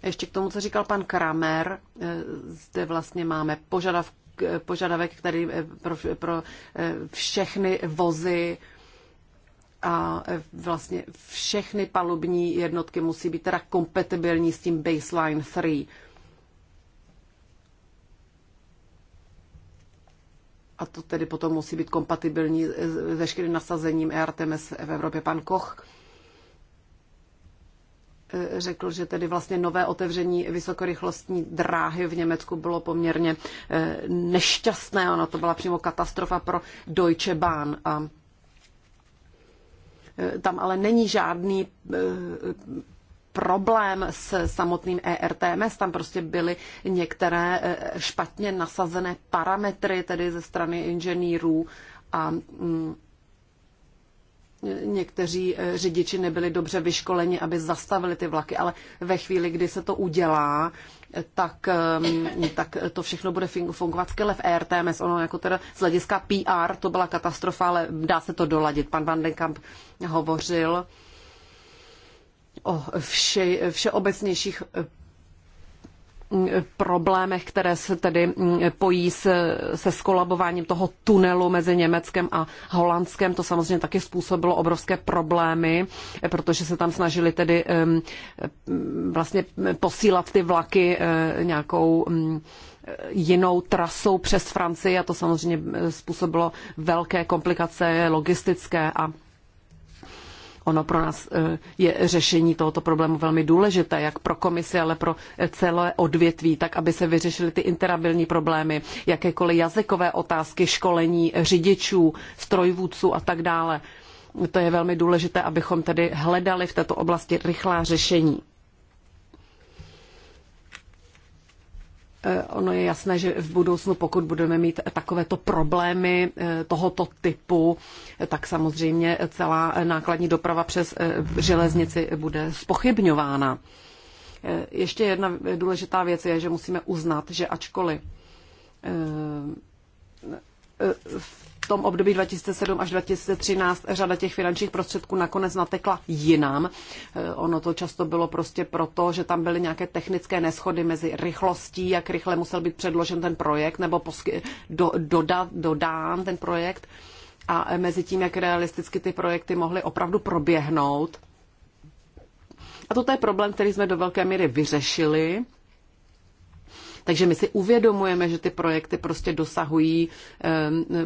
Ještě k tomu, co říkal pan Kramer, zde vlastně máme požadavky. Eh, požadavek, který eh, pro, pro eh, všechny vozy a vlastně všechny palubní jednotky musí být teda kompatibilní s tím baseline 3. A to tedy potom musí být kompatibilní s veškerým nasazením ERTMS v Evropě. Pan Koch E, řekl, že tedy vlastně nové otevření vysokorychlostní dráhy v Německu bylo poměrně e, nešťastné. Ona to byla přímo katastrofa pro Deutsche Bahn. A e, tam ale není žádný problém s samotným ERTMS, tam prostě byly některé špatně nasazené parametry, tedy ze strany inženýrů a mm, někteří eh, řidiči nebyli dobře vyškoleni, aby zastavili ty vlaky, ale ve chvíli, kdy se to udělá, eh, tak, ehm, tak eh, to všechno bude fungovat skvěle v RTMS. Ono jako teda z hlediska PR to byla katastrofa, ale dá se to doladit. Pan Van den Kamp hovořil o vše, všeobecnějších problémech, které se tedy pojí se, se skolabováním toho tunelu mezi Německem a Holandskem. To samozřejmě taky způsobilo obrovské problémy, protože se tam snažili tedy vlastně posílat ty vlaky eh, nějakou mm, jinou trasou přes Francii a to samozřejmě způsobilo velké komplikace logistické a ono pro nás eh, je řešení tohoto problému velmi důležité, jak pro komisi, ale pro eh, celé odvětví, tak aby se vyřešily ty interabilní problémy, jakékoliv jazykové otázky, školení řidičů, strojvůdců a tak dále. To je velmi důležité, abychom tedy hledali v této oblasti rychlá řešení. Eh, ono je jasné, že v budoucnu, pokud budeme mít takovéto problémy eh, tohoto typu, eh, tak samozřejmě celá nákladní doprava přes železnici bude spochybňována. Ještě jedna důležitá věc je, že musíme uznat, že ačkoliv tom období 2007 až 2013 řada těch finančních prostředků nakonec natekla jinam. E, ono to často bylo prostě proto, že tam byly nějaké technické neschody mezi rychlostí, jak rychle musel být předložen ten projekt nebo posky, do, doda, dodán ten projekt a mezi tím, jak realisticky ty projekty mohly opravdu proběhnout. A toto je problém, který jsme do velké míry vyřešili takže my si uvědomujeme, že ty projekty prostě dosahují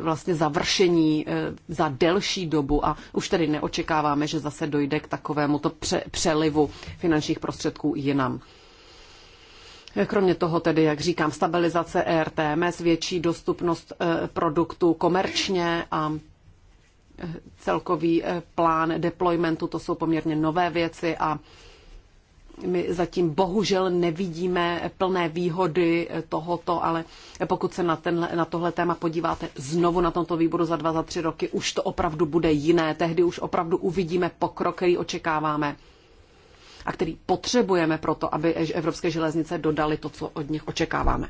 vlastně završení za delší dobu a už tedy neočekáváme, že zase dojde k takovému to přelivu finančních prostředků jinam. Kromě toho tedy, jak říkám, stabilizace ERTMS, větší dostupnost eh, produktů komerčně a eh, celkový eh, plán deploymentu, to jsou poměrně nové věci a my zatím bohužel nevidíme plné výhody tohoto, ale pokud se na, tenhle, na tohle téma podíváte znovu na tomto výboru za dva, za tři roky, už to opravdu bude jiné. Tehdy už opravdu uvidíme pokrok, který očekáváme a který potřebujeme proto, aby evropské železnice dodali to, co od nich očekáváme.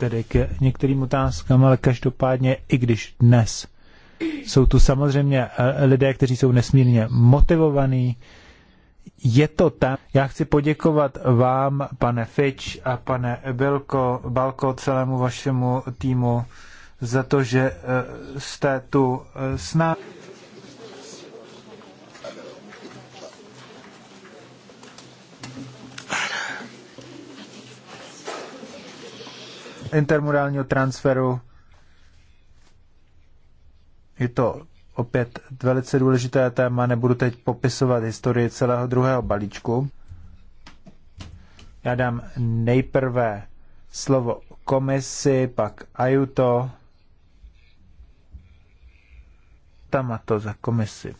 Tedy k některým otázkám, ale každopádně, i když dnes jsou tu samozřejmě eh, lidé, kteří jsou nesmírně motivovaní, je to tam. Já chci poděkovat vám, pane Fitch a pane Bilko, Balko, celému vašemu týmu za to, že eh, jste tu eh, s námi. intermodálního transferu. Je to opět velice důležité téma, nebudu teď popisovat historii celého druhého balíčku. Já dám nejprve slovo komisi, pak Ajuto, Tam a to za komisi.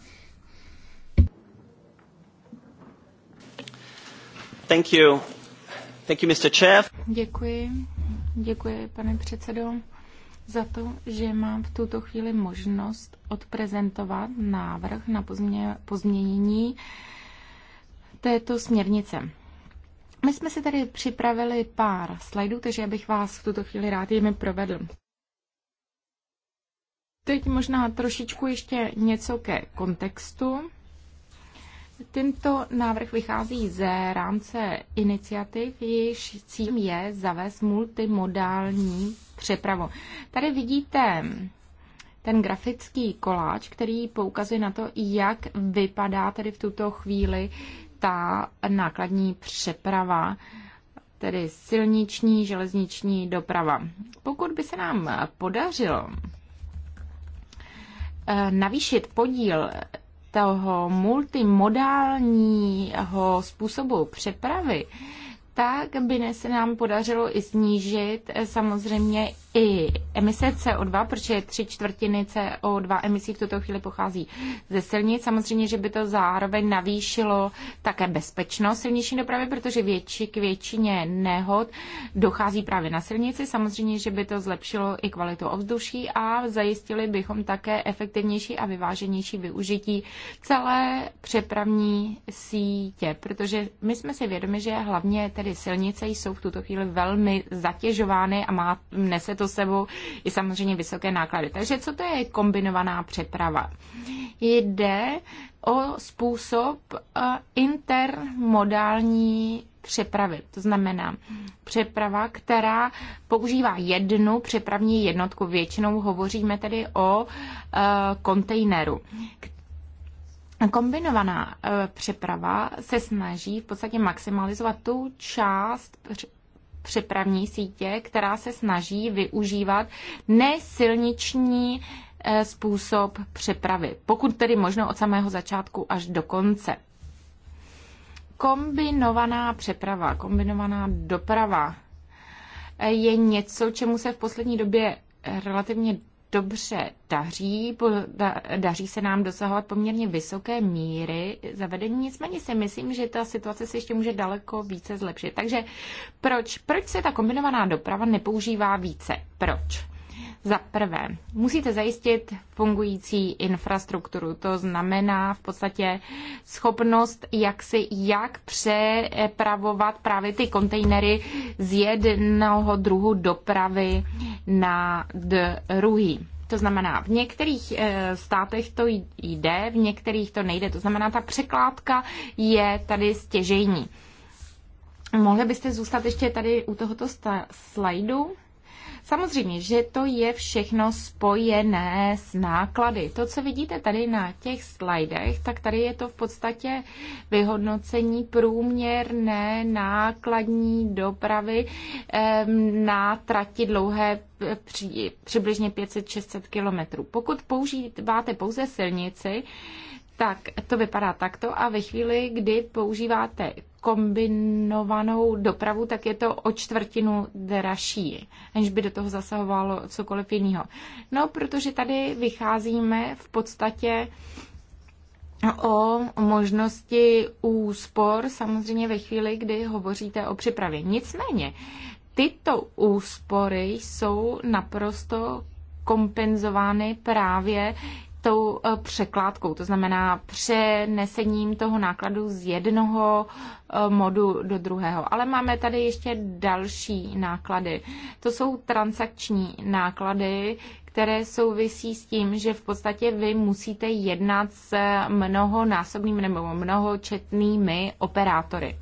Thank you. Thank you, Mr. Chair. Děkuji. Děkuji, pane předsedo za to, že mám v tuto chvíli možnost odprezentovat návrh na pozmě, pozměnění této směrnice. My jsme si tady připravili pár slajdů, takže já bych vás v tuto chvíli rád jimi provedl. Teď možná trošičku ještě něco ke kontextu. Tento návrh vychází ze rámce iniciativ, jejíž cílem je zavést multimodální přepravu. Tady vidíte ten grafický koláč, který poukazuje na to, jak vypadá tedy v tuto chvíli ta nákladní přeprava, tedy silniční, železniční doprava. Pokud by se nám podařilo eh, navýšit podíl toho multimodálního způsobu přepravy, tak by se nám podařilo i snížit samozřejmě i emise CO2, protože tři čtvrtiny CO2 emisí v tuto chvíli pochází ze silnic. Samozřejmě, že by to zároveň navýšilo také bezpečnost silniční dopravy, protože větší k většině nehod dochází právě na silnici. Samozřejmě, že by to zlepšilo i kvalitu ovzduší a zajistili bychom také efektivnější a vyváženější využití celé přepravní sítě, protože my jsme si vědomi, že hlavně tedy silnice jsou v tuto chvíli velmi zatěžovány a má, nese to to sebou i samozřejmě vysoké náklady. Takže co to je kombinovaná přeprava? Jde o způsob eh, intermodální přepravy. To znamená přeprava, která používá jednu přepravní jednotku. Většinou hovoříme tedy o eh, kontejneru. Kombinovaná eh, přeprava se snaží v podstatě maximalizovat tu část přepravní sítě, která se snaží využívat nesilniční eh, způsob přepravy, pokud tedy možno od samého začátku až do konce. Kombinovaná přeprava, kombinovaná doprava eh, je něco, čemu se v poslední době relativně dobře daří, daří se nám dosahovat poměrně vysoké míry zavedení, nicméně si myslím, že ta situace se ještě může daleko více zlepšit. Takže proč, proč se ta kombinovaná doprava nepoužívá více? Proč? Za prvé, musíte zajistit fungující infrastrukturu, to znamená v podstatě schopnost, jak si jak přepravovat právě ty kontejnery z jednoho druhu dopravy na druhý. To znamená, v některých eh, státech to jde, v některých to nejde. To znamená, ta překládka je tady stěžejní. Mohli byste zůstat ještě tady u tohoto slajdu? Samozřejmě, že to je všechno spojené s náklady. To, co vidíte tady na těch slajdech, tak tady je to v podstatě vyhodnocení průměrné nákladní dopravy na trati dlouhé při, přibližně 500-600 kilometrů. Pokud používáte pouze silnici, tak to vypadá takto a ve chvíli, kdy používáte kombinovanou dopravu, tak je to o čtvrtinu dražší, než by do toho zasahovalo cokoliv jiného. No, protože tady vycházíme v podstatě o možnosti úspor, samozřejmě ve chvíli, kdy hovoříte o připravě. Nicméně, tyto úspory jsou naprosto kompenzovány právě tou eh, překládkou, to znamená přenesením toho nákladu z jednoho eh, modu do druhého. Ale máme tady ještě další náklady. To jsou transakční náklady, které souvisí s tím, že v podstatě vy musíte jednat s mnohonásobnými nebo mnohočetnými operátory.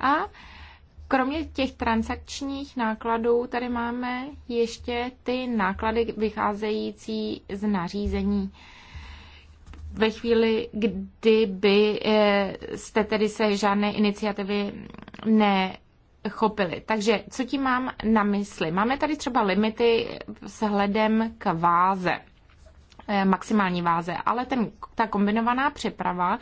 A Kromě těch transakčních nákladů tady máme ještě ty náklady vycházející z nařízení. Ve chvíli, kdyby eh, jste tedy se žádné iniciativy ne chopili. Takže co tím mám na mysli? Máme tady třeba limity s hledem k váze eh, maximální váze, ale ten, ta kombinovaná přeprava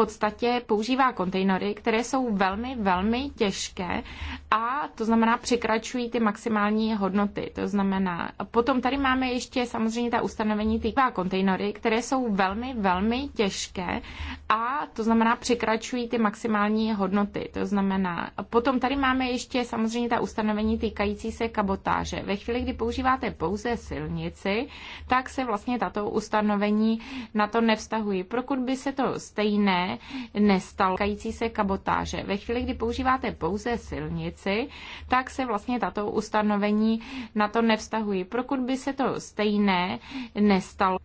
podstatě používá kontejnery, které jsou velmi, velmi těžké a to znamená překračují ty maximální hodnoty. To znamená, potom tady máme ještě samozřejmě ta ustanovení týká kontejnery, které jsou velmi, velmi těžké a to znamená překračují ty maximální hodnoty. To znamená, potom tady máme ještě samozřejmě ta ustanovení týkající se kabotáže. Ve chvíli, kdy používáte pouze silnici, tak se vlastně tato ustanovení na to nevztahují. Pokud by se to stejné nestalkající nestalo se kabotáže. Ve chvíli, kdy používáte pouze silnici, tak se vlastně tato ustanovení na to nevztahují. Prokud by se to stejné nestalo.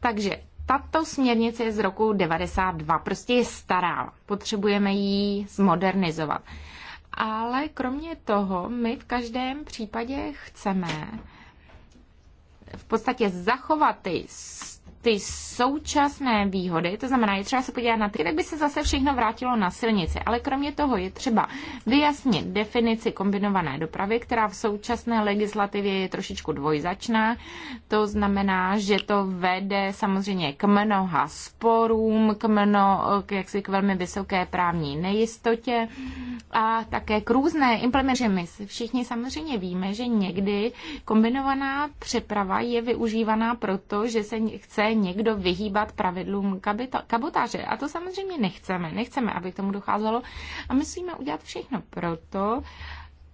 Takže tato směrnice je z roku 92, prostě je stará, potřebujeme ji zmodernizovat. Ale kromě toho my v každém případě chceme v podstatě zachovat ty ty současné výhody, to znamená, je třeba se podívat na ty, tak by se zase všechno vrátilo na silnici. Ale kromě toho je třeba vyjasnit definici kombinované dopravy, která v současné legislativě je trošičku dvojzačná. To znamená, že to vede samozřejmě k mnoha sporům, k, mno, k, jaksi, k velmi vysoké právní nejistotě a také k různé implementaci. My všichni samozřejmě víme, že někdy kombinovaná přeprava je využívaná proto, že se chce někdo vyhýbat pravidlům kabotáže. A to samozřejmě nechceme. Nechceme, aby k tomu docházelo. A musíme udělat všechno proto,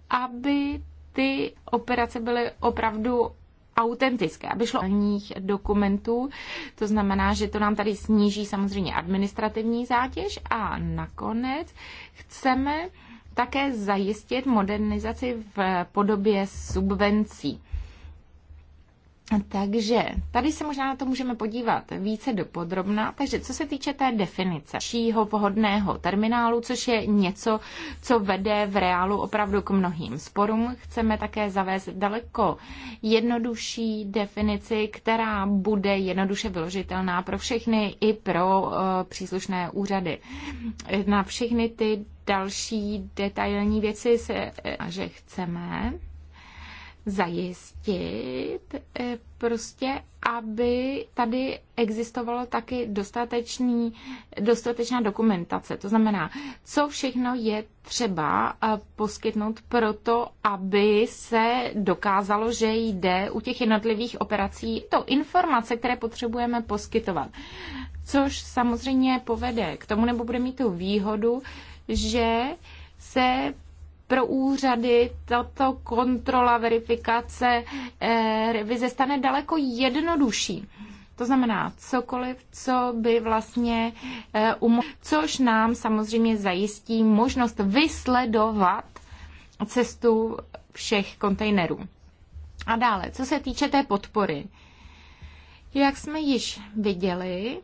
aby ty operace byly opravdu autentické, aby šlo o nich dokumentů. To znamená, že to nám tady sníží samozřejmě administrativní zátěž a nakonec chceme také zajistit modernizaci v podobě subvencí. Takže tady se možná na to můžeme podívat více dopodrobná. Takže co se týče té definice šího vhodného terminálu, což je něco, co vede v reálu opravdu k mnohým sporům, chceme také zavést daleko jednodušší definici, která bude jednoduše vyložitelná pro všechny i pro uh, příslušné úřady. Na všechny ty další detailní věci se, eh, že chceme zajistit eh, prostě, aby tady existovalo taky dostatečný, dostatečná dokumentace. To znamená, co všechno je třeba eh, poskytnout pro to, aby se dokázalo, že jde u těch jednotlivých operací to informace, které potřebujeme poskytovat. Což samozřejmě povede k tomu, nebo bude mít tu výhodu, že se pro úřady tato kontrola, verifikace, eh, revize stane daleko jednodušší. To znamená cokoliv, co by vlastně eh, umožnilo, což nám samozřejmě zajistí možnost vysledovat cestu všech kontejnerů. A dále, co se týče té podpory. Jak jsme již viděli,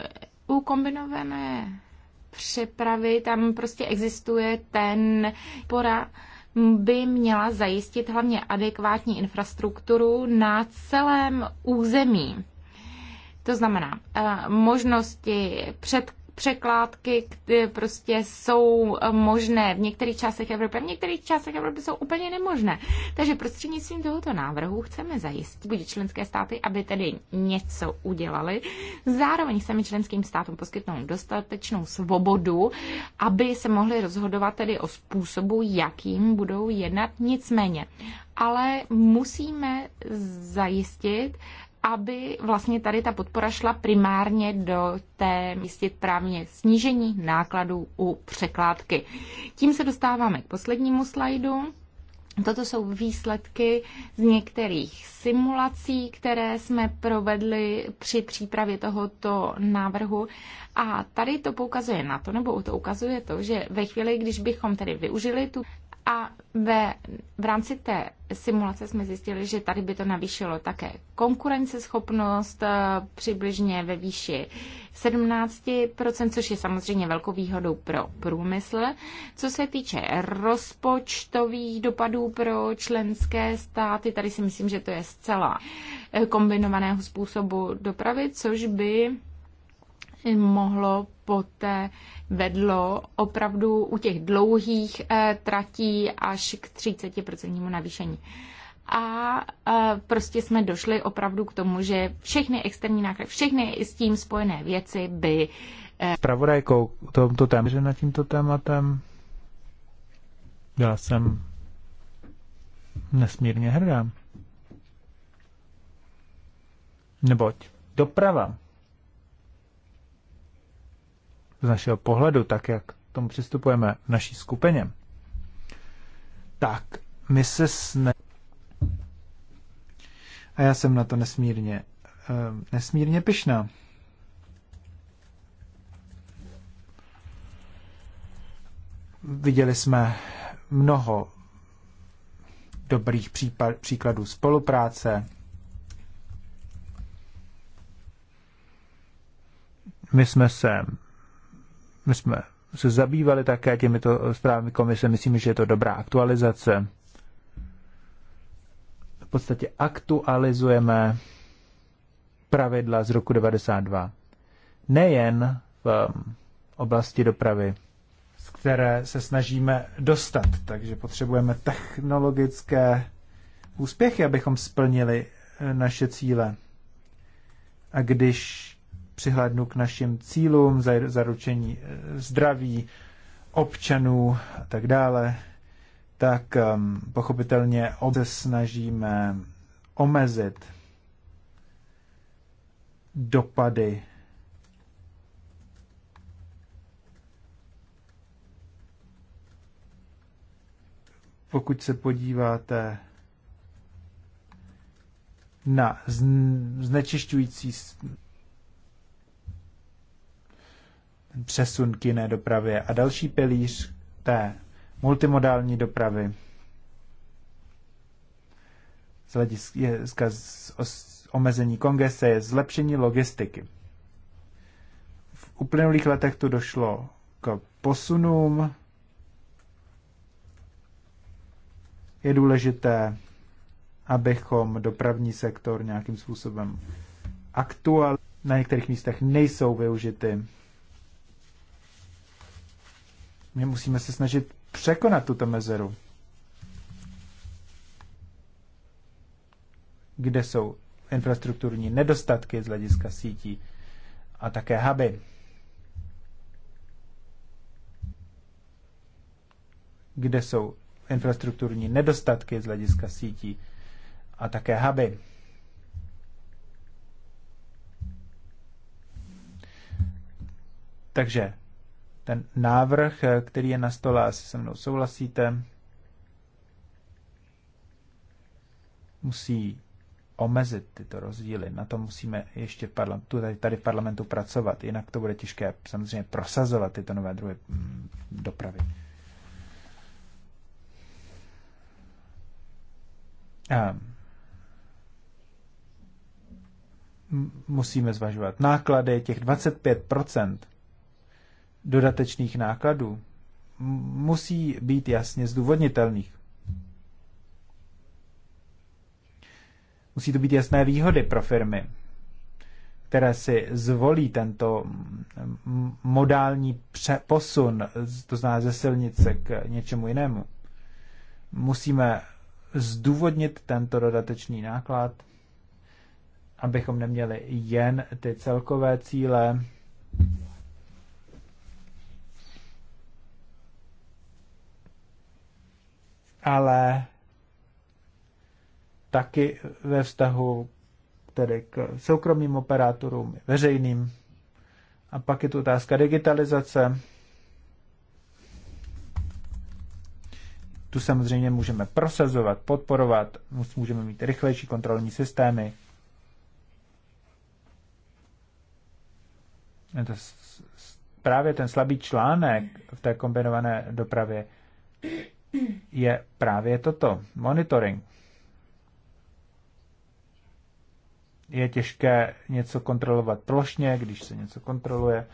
eh, u kombinované přepravy, tam prostě existuje ten pora by měla zajistit hlavně adekvátní infrastrukturu na celém území. To znamená eh, možnosti před překládky prostě jsou možné v některých částech Evropy, a v některých částech Evropy jsou úplně nemožné. Takže prostřednictvím tohoto návrhu chceme zajistit, buď členské státy, aby tedy něco udělali, zároveň chceme členským státům poskytnout dostatečnou svobodu, aby se mohli rozhodovat tedy o způsobu, jakým budou jednat nicméně. Ale musíme zajistit, aby vlastně tady ta podpora šla primárně do té místě právně snížení nákladů u překládky. Tím se dostáváme k poslednímu slajdu. Toto jsou výsledky z některých simulací, které jsme provedli při přípravě tohoto návrhu. A tady to poukazuje na to, nebo to ukazuje to, že ve chvíli, když bychom tedy využili tu a ve, v rámci té simulace jsme zjistili, že tady by to navýšilo také konkurenceschopnost eh, přibližně ve výši 17%, což je samozřejmě velkou výhodou pro průmysl. Co se týče rozpočtových dopadů pro členské státy, tady si myslím, že to je zcela eh, kombinovaného způsobu dopravy, což by mohlo poté vedlo opravdu u těch dlouhých eh, tratí až k 30% navýšení. A eh, prostě jsme došli opravdu k tomu, že všechny externí náklady, všechny s tím spojené věci by... Eh, Spravodajkou tomto tématu, že nad tímto tématem já jsem nesmírně hrdá. Neboť doprava z našeho pohledu, tak jak k tomu přistupujeme v naší skupině, tak my se sne... A já jsem na to nesmírně, eh, nesmírně pyšná. Viděli jsme mnoho dobrých případ, příkladů spolupráce. My jsme se my jsme se zabývali také těmito zprávami komise. Myslím, že je to dobrá aktualizace. V podstatě aktualizujeme pravidla z roku 92. Nejen v um, oblasti dopravy, z které se snažíme dostat. Takže potřebujeme technologické úspěchy, abychom splnili eh, naše cíle. A když přihlédnu k našim cílům, zaručení eh, zdraví občanů a tak dále, tak ehm, pochopitelně se snažíme omezit dopady pokud se podíváte na znečišťující přesun k jiné dopravě. A další pilíř té multimodální dopravy z hlediska omezení kongese je zlepšení logistiky. V uplynulých letech tu došlo k posunům. Je důležité, abychom dopravní sektor nějakým způsobem aktual na některých místech nejsou využity my musíme se snažit překonat tuto mezeru. Kde jsou infrastrukturní nedostatky z hlediska sítí a také huby. Kde jsou infrastrukturní nedostatky z hlediska sítí a také huby. Takže ten návrh, eh, který je na stole, asi se mnou souhlasíte, musí omezit tyto rozdíly. Na to musíme ještě v parlamentu, tady, tady v parlamentu pracovat, jinak to bude těžké samozřejmě prosazovat tyto nové druhy mm, dopravy. A ehm. musíme zvažovat náklady těch 25 dodatečných nákladů musí být jasně zdůvodnitelných. Musí to být jasné výhody pro firmy, které si zvolí tento modální posun, to znamená ze silnice k něčemu jinému. Musíme zdůvodnit tento dodatečný náklad, abychom neměli jen ty celkové cíle, ale taky ve vztahu tedy k soukromým operátorům, veřejným. A pak je tu otázka digitalizace. Tu samozřejmě můžeme prosazovat, podporovat, můžeme mít rychlejší kontrolní systémy. Je to právě ten slabý článek v té kombinované dopravě je právě toto, monitoring. Je těžké něco kontrolovat plošně, když se něco kontroluje.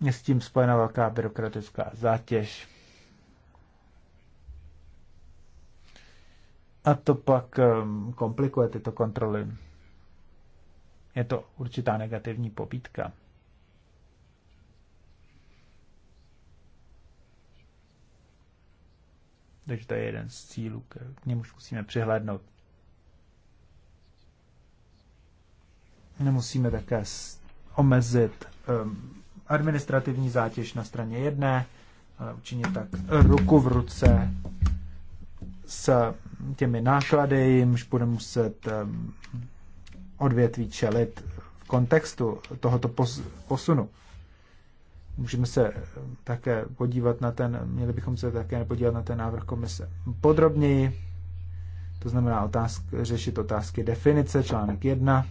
Je s tím spojena velká byrokratická zátěž. A to pak um, komplikuje tyto kontroly. Je to určitá negativní pobídka. Takže to je jeden z cílů, k němuž musíme přihlédnout. Nemusíme také omezit um, administrativní zátěž na straně jedné, ale učinit tak ruku v ruce s těmi náklady, jimž bude muset um, odvětví čelit v kontextu tohoto pos- posunu. Můžeme se eh, také podívat na ten, měli bychom se také podívat na ten návrh komise podrobněji. To znamená otázky, řešit otázky definice, článek 1.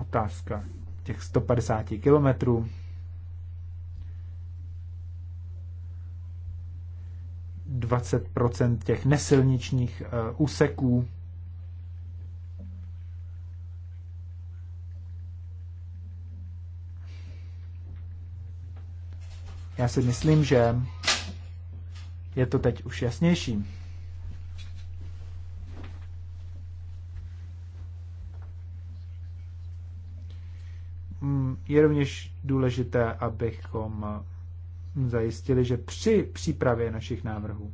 Otázka těch 150 kilometrů. procent těch nesilničních eh, úseků Já si myslím, že je to teď už jasnější. Mm, je rovněž důležité, abychom zajistili, že při přípravě našich návrhů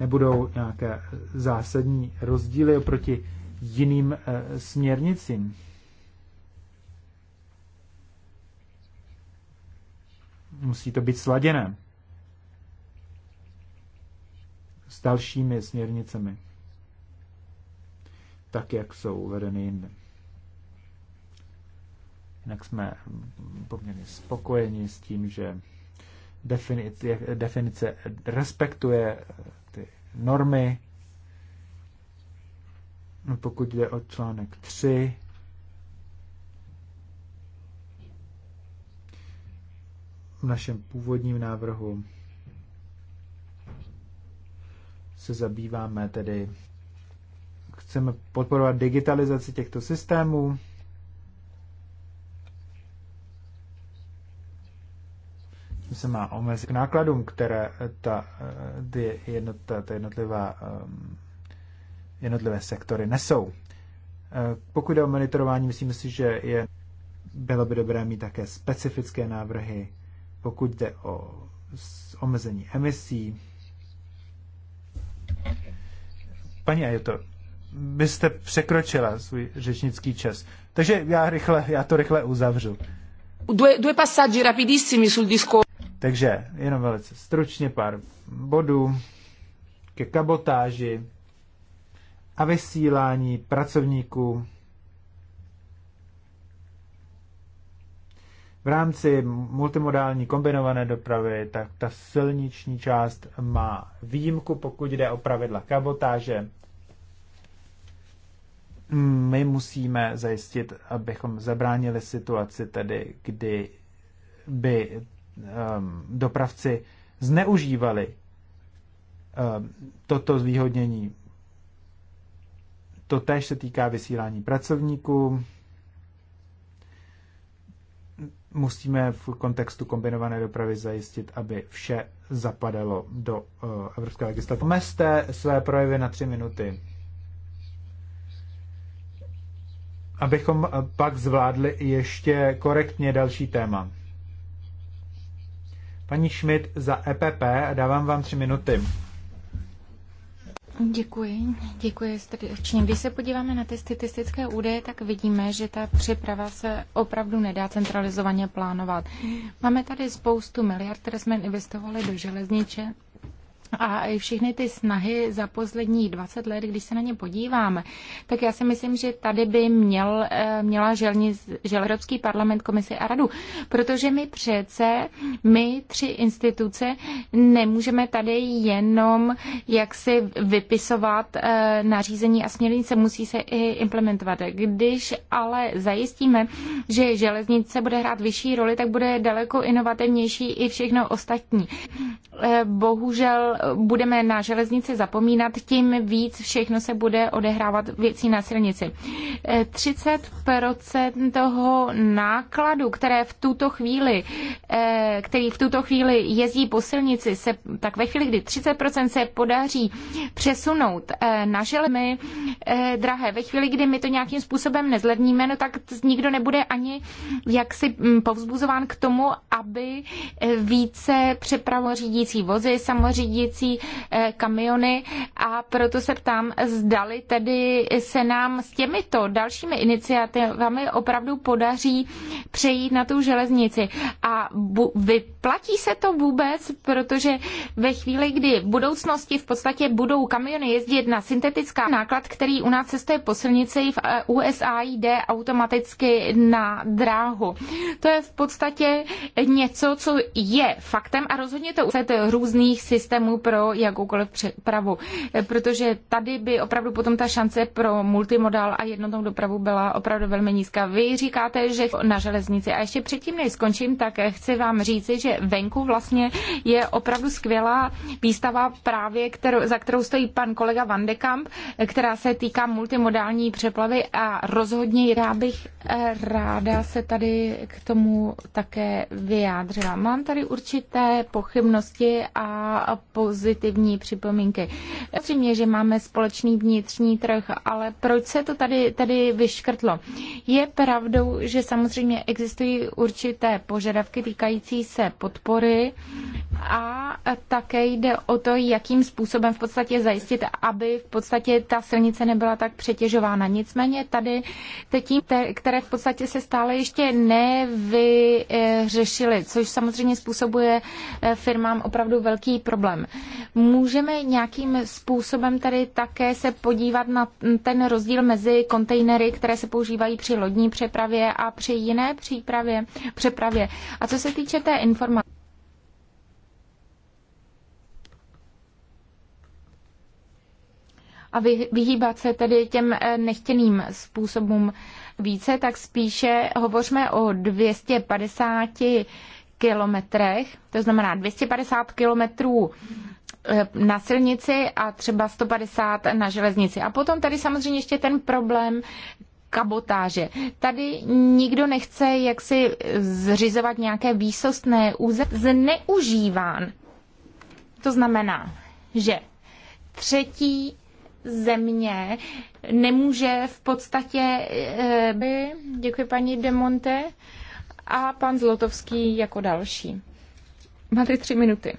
nebudou nějaké zásadní rozdíly oproti jiným eh, směrnicím. Musí to být sladěné s dalšími směrnicemi, tak jak jsou uvedeny jinde. Jinak jsme poměrně spokojeni s tím, že definice, definice respektuje ty normy. No, pokud jde o článek 3, v našem původním návrhu se zabýváme tedy, chceme podporovat digitalizaci těchto systémů, se má omezit k nákladům, které ta, ty, jednot, ta jednotlivá, um, jednotlivé sektory nesou. Uh, pokud jde o monitorování, myslím si, že je, bylo by dobré mít také specifické návrhy pokud jde o omezení emisí. Paní Ajoto, byste překročila svůj řečnický čas. Takže já, rychle, já to rychle uzavřu. Due, due passaggi rapidissimi sul disco. Takže jenom velice stručně pár bodů ke kabotáži a vysílání pracovníků V rámci multimodální kombinované dopravy, tak ta silniční část má výjimku, pokud jde o pravidla kabotáže. My musíme zajistit, abychom zabránili situaci tedy, kdy by um, dopravci zneužívali um, toto zvýhodnění. To též se týká vysílání pracovníků, musíme v kontextu kombinované dopravy zajistit, aby vše zapadalo do uh, evropské legislativy. Omezte své projevy na tři minuty, abychom eh, pak zvládli ještě korektně další téma. Paní Schmidt za EPP, dávám vám tři minuty. Děkuji, děkuji srdečně. Když se podíváme na ty statistické údaje, tak vidíme, že ta příprava se opravdu nedá centralizovaně plánovat. Máme tady spoustu miliard, které jsme investovali do železnice, a všechny ty snahy za poslední 20 let, když se na ně podíváme, tak já si myslím, že tady by měl, eh, měla želni, žel Evropský parlament, komisi a radu. Protože my přece, my tři instituce, nemůžeme tady jenom jak si vypisovat eh, nařízení a směrnice, musí se i implementovat. Když ale zajistíme, že železnice bude hrát vyšší roli, tak bude daleko inovativnější i všechno ostatní. Eh, bohužel budeme na železnici zapomínat, tím víc všechno se bude odehrávat věcí na silnici. 30% toho nákladu, které v tuto chvíli, eh, který v tuto chvíli jezdí po silnici, se, tak ve chvíli, kdy 30% se podaří přesunout eh, na želemy eh, drahé, ve chvíli, kdy my to nějakým způsobem nezlevníme, no tak nikdo nebude ani jaksi mm, povzbuzován k tomu, aby více přepravořídící vozy, samořídící jezdící kamiony a proto se ptám, zdali tedy se nám s těmito dalšími iniciativami opravdu podaří přejít na tu železnici. A vyplatí se to vůbec, protože ve chvíli, kdy v budoucnosti v podstatě budou kamiony jezdit na syntetická náklad, který u nás cestuje po silnici, v USA jde automaticky na dráhu. To je v podstatě něco, co je faktem a rozhodně to u různých systémů pro jakoukoliv přepravu, protože tady by opravdu potom ta šance pro multimodál a jednotnou dopravu byla opravdu velmi nízká. Vy říkáte, že na železnici a ještě předtím, než skončím, tak chci vám říci, že venku vlastně je opravdu skvělá výstava právě, kterou, za kterou stojí pan kolega Van de Kamp, která se týká multimodální přeplavy a rozhodně já bych eh, ráda se tady k tomu také vyjádřila. Mám tady určité pochybnosti a po pozitivní připomínky. Samozřejmě, že máme společný vnitřní trh, ale proč se to tady, tady vyškrtlo? Je pravdou, že samozřejmě existují určité požadavky týkající se podpory a také jde o to, jakým způsobem v podstatě zajistit, aby v podstatě ta silnice nebyla tak přetěžována. Nicméně tady te, které v podstatě se stále ještě nevyřešily, což samozřejmě způsobuje eh, firmám opravdu velký problém. Můžeme nějakým způsobem tady také se podívat na ten rozdíl mezi kontejnery, které se používají při lodní přepravě a při jiné přípravě, přepravě. A co se týče té informace, a vyhýbat se tedy těm eh, nechtěným způsobům více, tak spíše hovořme o 250 kilometrech, to znamená 250 kilometrů eh, na silnici a třeba 150 na železnici. A potom tady samozřejmě ještě ten problém kabotáže. Tady nikdo nechce jaksi zřizovat nějaké výsostné území. Zneužíván. To znamená, že třetí země nemůže v podstatě... Eh, Děkuji paní Demonte a pan Zlotovský jako další. Máte tři minuty.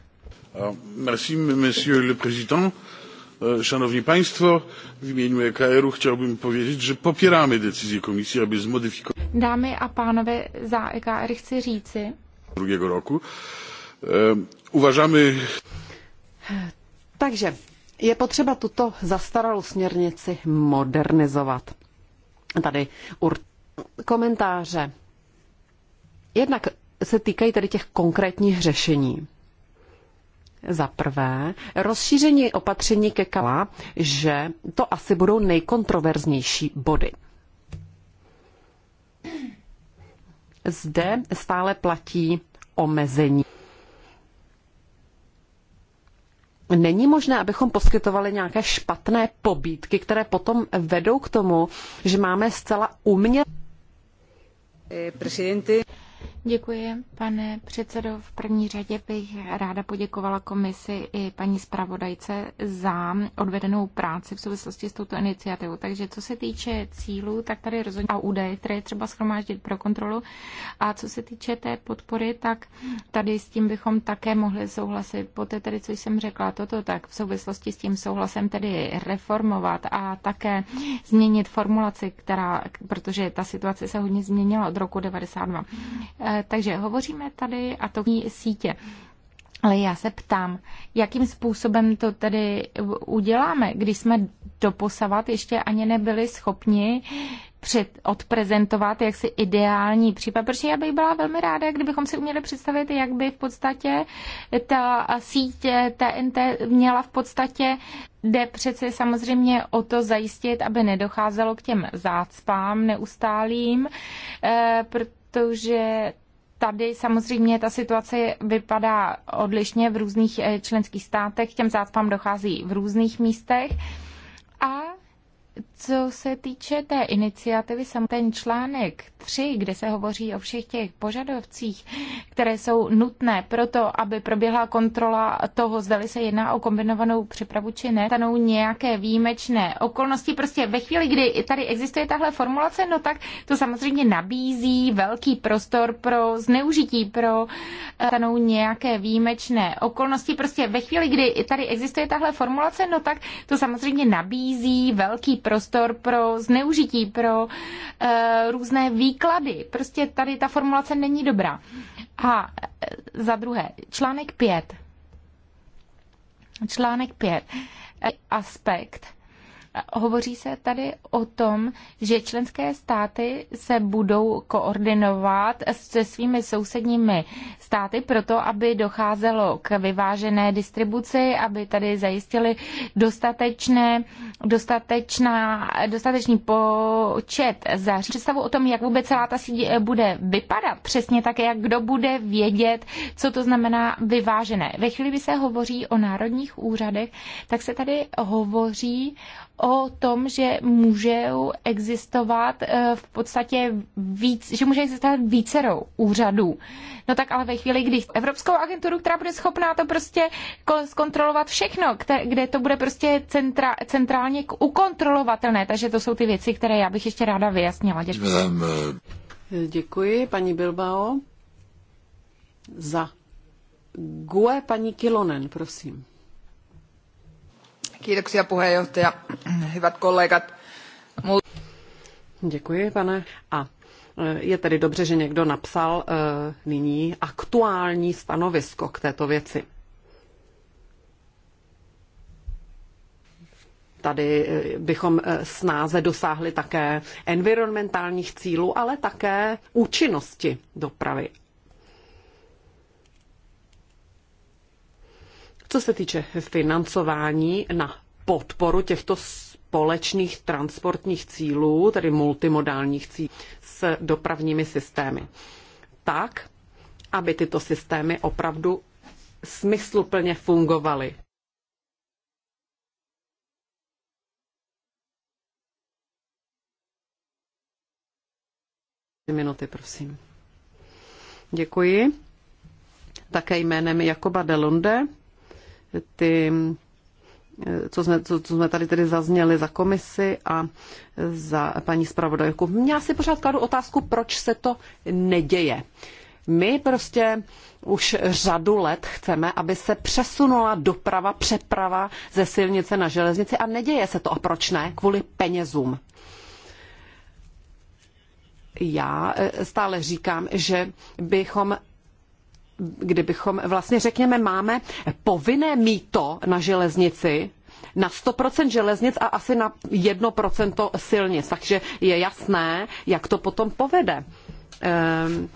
Merci, monsieur le président. Euh, Szanowni Państwo, w imieniu EKR-u chciałbym powiedzieć, że popieramy decyzję komisji, aby zmodyfikować... Dámy a pánové, za EKR chci říci... ...drugiego roku. E, uważamy... Takže je potřeba tuto zastaralou směrnici modernizovat. Tady ur... komentáře Jednak se týkají tady těch konkrétních řešení. Za prvé, rozšíření opatření ke kala, že to asi budou nejkontroverznější body. Zde stále platí omezení. Není možné, abychom poskytovali nějaké špatné pobídky, které potom vedou k tomu, že máme zcela umělé. Eh, Děkuji, pane předsedo. V první řadě bych ráda poděkovala komisi i paní zpravodajce za odvedenou práci v souvislosti s touto iniciativou. Takže co se týče cílů, tak tady rozhodně a údaje, které je třeba schromáždit pro kontrolu. A co se týče té podpory, tak tady s tím bychom také mohli souhlasit. Poté tedy, co jsem řekla, toto tak v souvislosti s tím souhlasem tedy reformovat a také změnit formulaci, která, protože ta situace se hodně změnila od roku 92. Eh, takže hovoříme tady a to sítě. Ale já se ptám, jakým způsobem to tedy uděláme, když jsme doposavat ještě ani nebyli schopni před, odprezentovat jaksi ideální případ, protože já bych byla velmi ráda, kdybychom si uměli představit, jak by v podstatě ta síť TNT měla v podstatě, jde přece samozřejmě o to zajistit, aby nedocházelo k těm zácpám neustálým, eh, protože tady samozřejmě ta situace vypadá odlišně v různých eh, členských státech, k těm zácpám dochází v různých místech. A co se týče té iniciativy, sam ten článek 3, kde se hovoří o všech těch požadovcích, které jsou nutné pro to, aby proběhla kontrola toho, zdali se jedná o kombinovanou přepravu či ne, stanou nějaké výjimečné okolnosti. Prostě ve chvíli, kdy tady existuje tahle formulace, no tak to samozřejmě nabízí velký prostor pro zneužití, pro eh, stanou nějaké výjimečné okolnosti. Prostě ve chvíli, kdy tady existuje tahle formulace, no tak to samozřejmě nabízí velký prostor pro zneužití, pro e, různé výklady. Prostě tady ta formulace není dobrá. A e, za druhé, článek 5. Článek 5. E, aspekt Hovoří se tady o tom, že členské státy se budou koordinovat se svými sousedními státy proto, aby docházelo k vyvážené distribuci, aby tady zajistili dostatečné, dostatečná, dostatečný počet zařízení. Představu o tom, jak vůbec celá ta síť bude vypadat, přesně tak, jak kdo bude vědět, co to znamená vyvážené. Ve chvíli, kdy se hovoří o národních úřadech, tak se tady hovoří o tom, že může existovat eh, v podstatě víc, že může existovat vícerou úřadů. No tak ale ve chvíli, kdy Evropskou agenturu, která bude schopná to prostě zkontrolovat všechno, kde to bude prostě centra, centrálně ukontrolovatelné, takže to jsou ty věci, které já bych ještě ráda vyjasnila. Děkuji. Děkuji, paní Bilbao. Za GUE paní Kilonen, prosím. Děkuji, pane. A e, je tedy dobře, že někdo napsal uh, nyní aktuální stanovisko k této věci. Tady e, bychom snáze dosáhli také environmentálních cílů, ale také účinnosti dopravy Co se týče financování na podporu těchto společných transportních cílů, tedy multimodálních cílů s dopravními systémy, tak, aby tyto systémy opravdu smysluplně fungovaly. minuty, prosím. Děkuji. Také jménem Jakoba Delunde ty co jsme, co, co jsme tady tedy zazněli za komisi a za paní zpravodajku. Já si pořád kladu otázku, proč se to neděje. My prostě už řadu let chceme, aby se přesunula doprava, přeprava ze silnice na železnici a neděje se to. A proč ne? Kvůli penězům. Já eh, stále říkám, že bychom kdybychom vlastně řekněme, máme povinné míto na železnici, na 100% železnic a asi na 1% silnic. Takže je jasné, jak to potom povede. Ehm,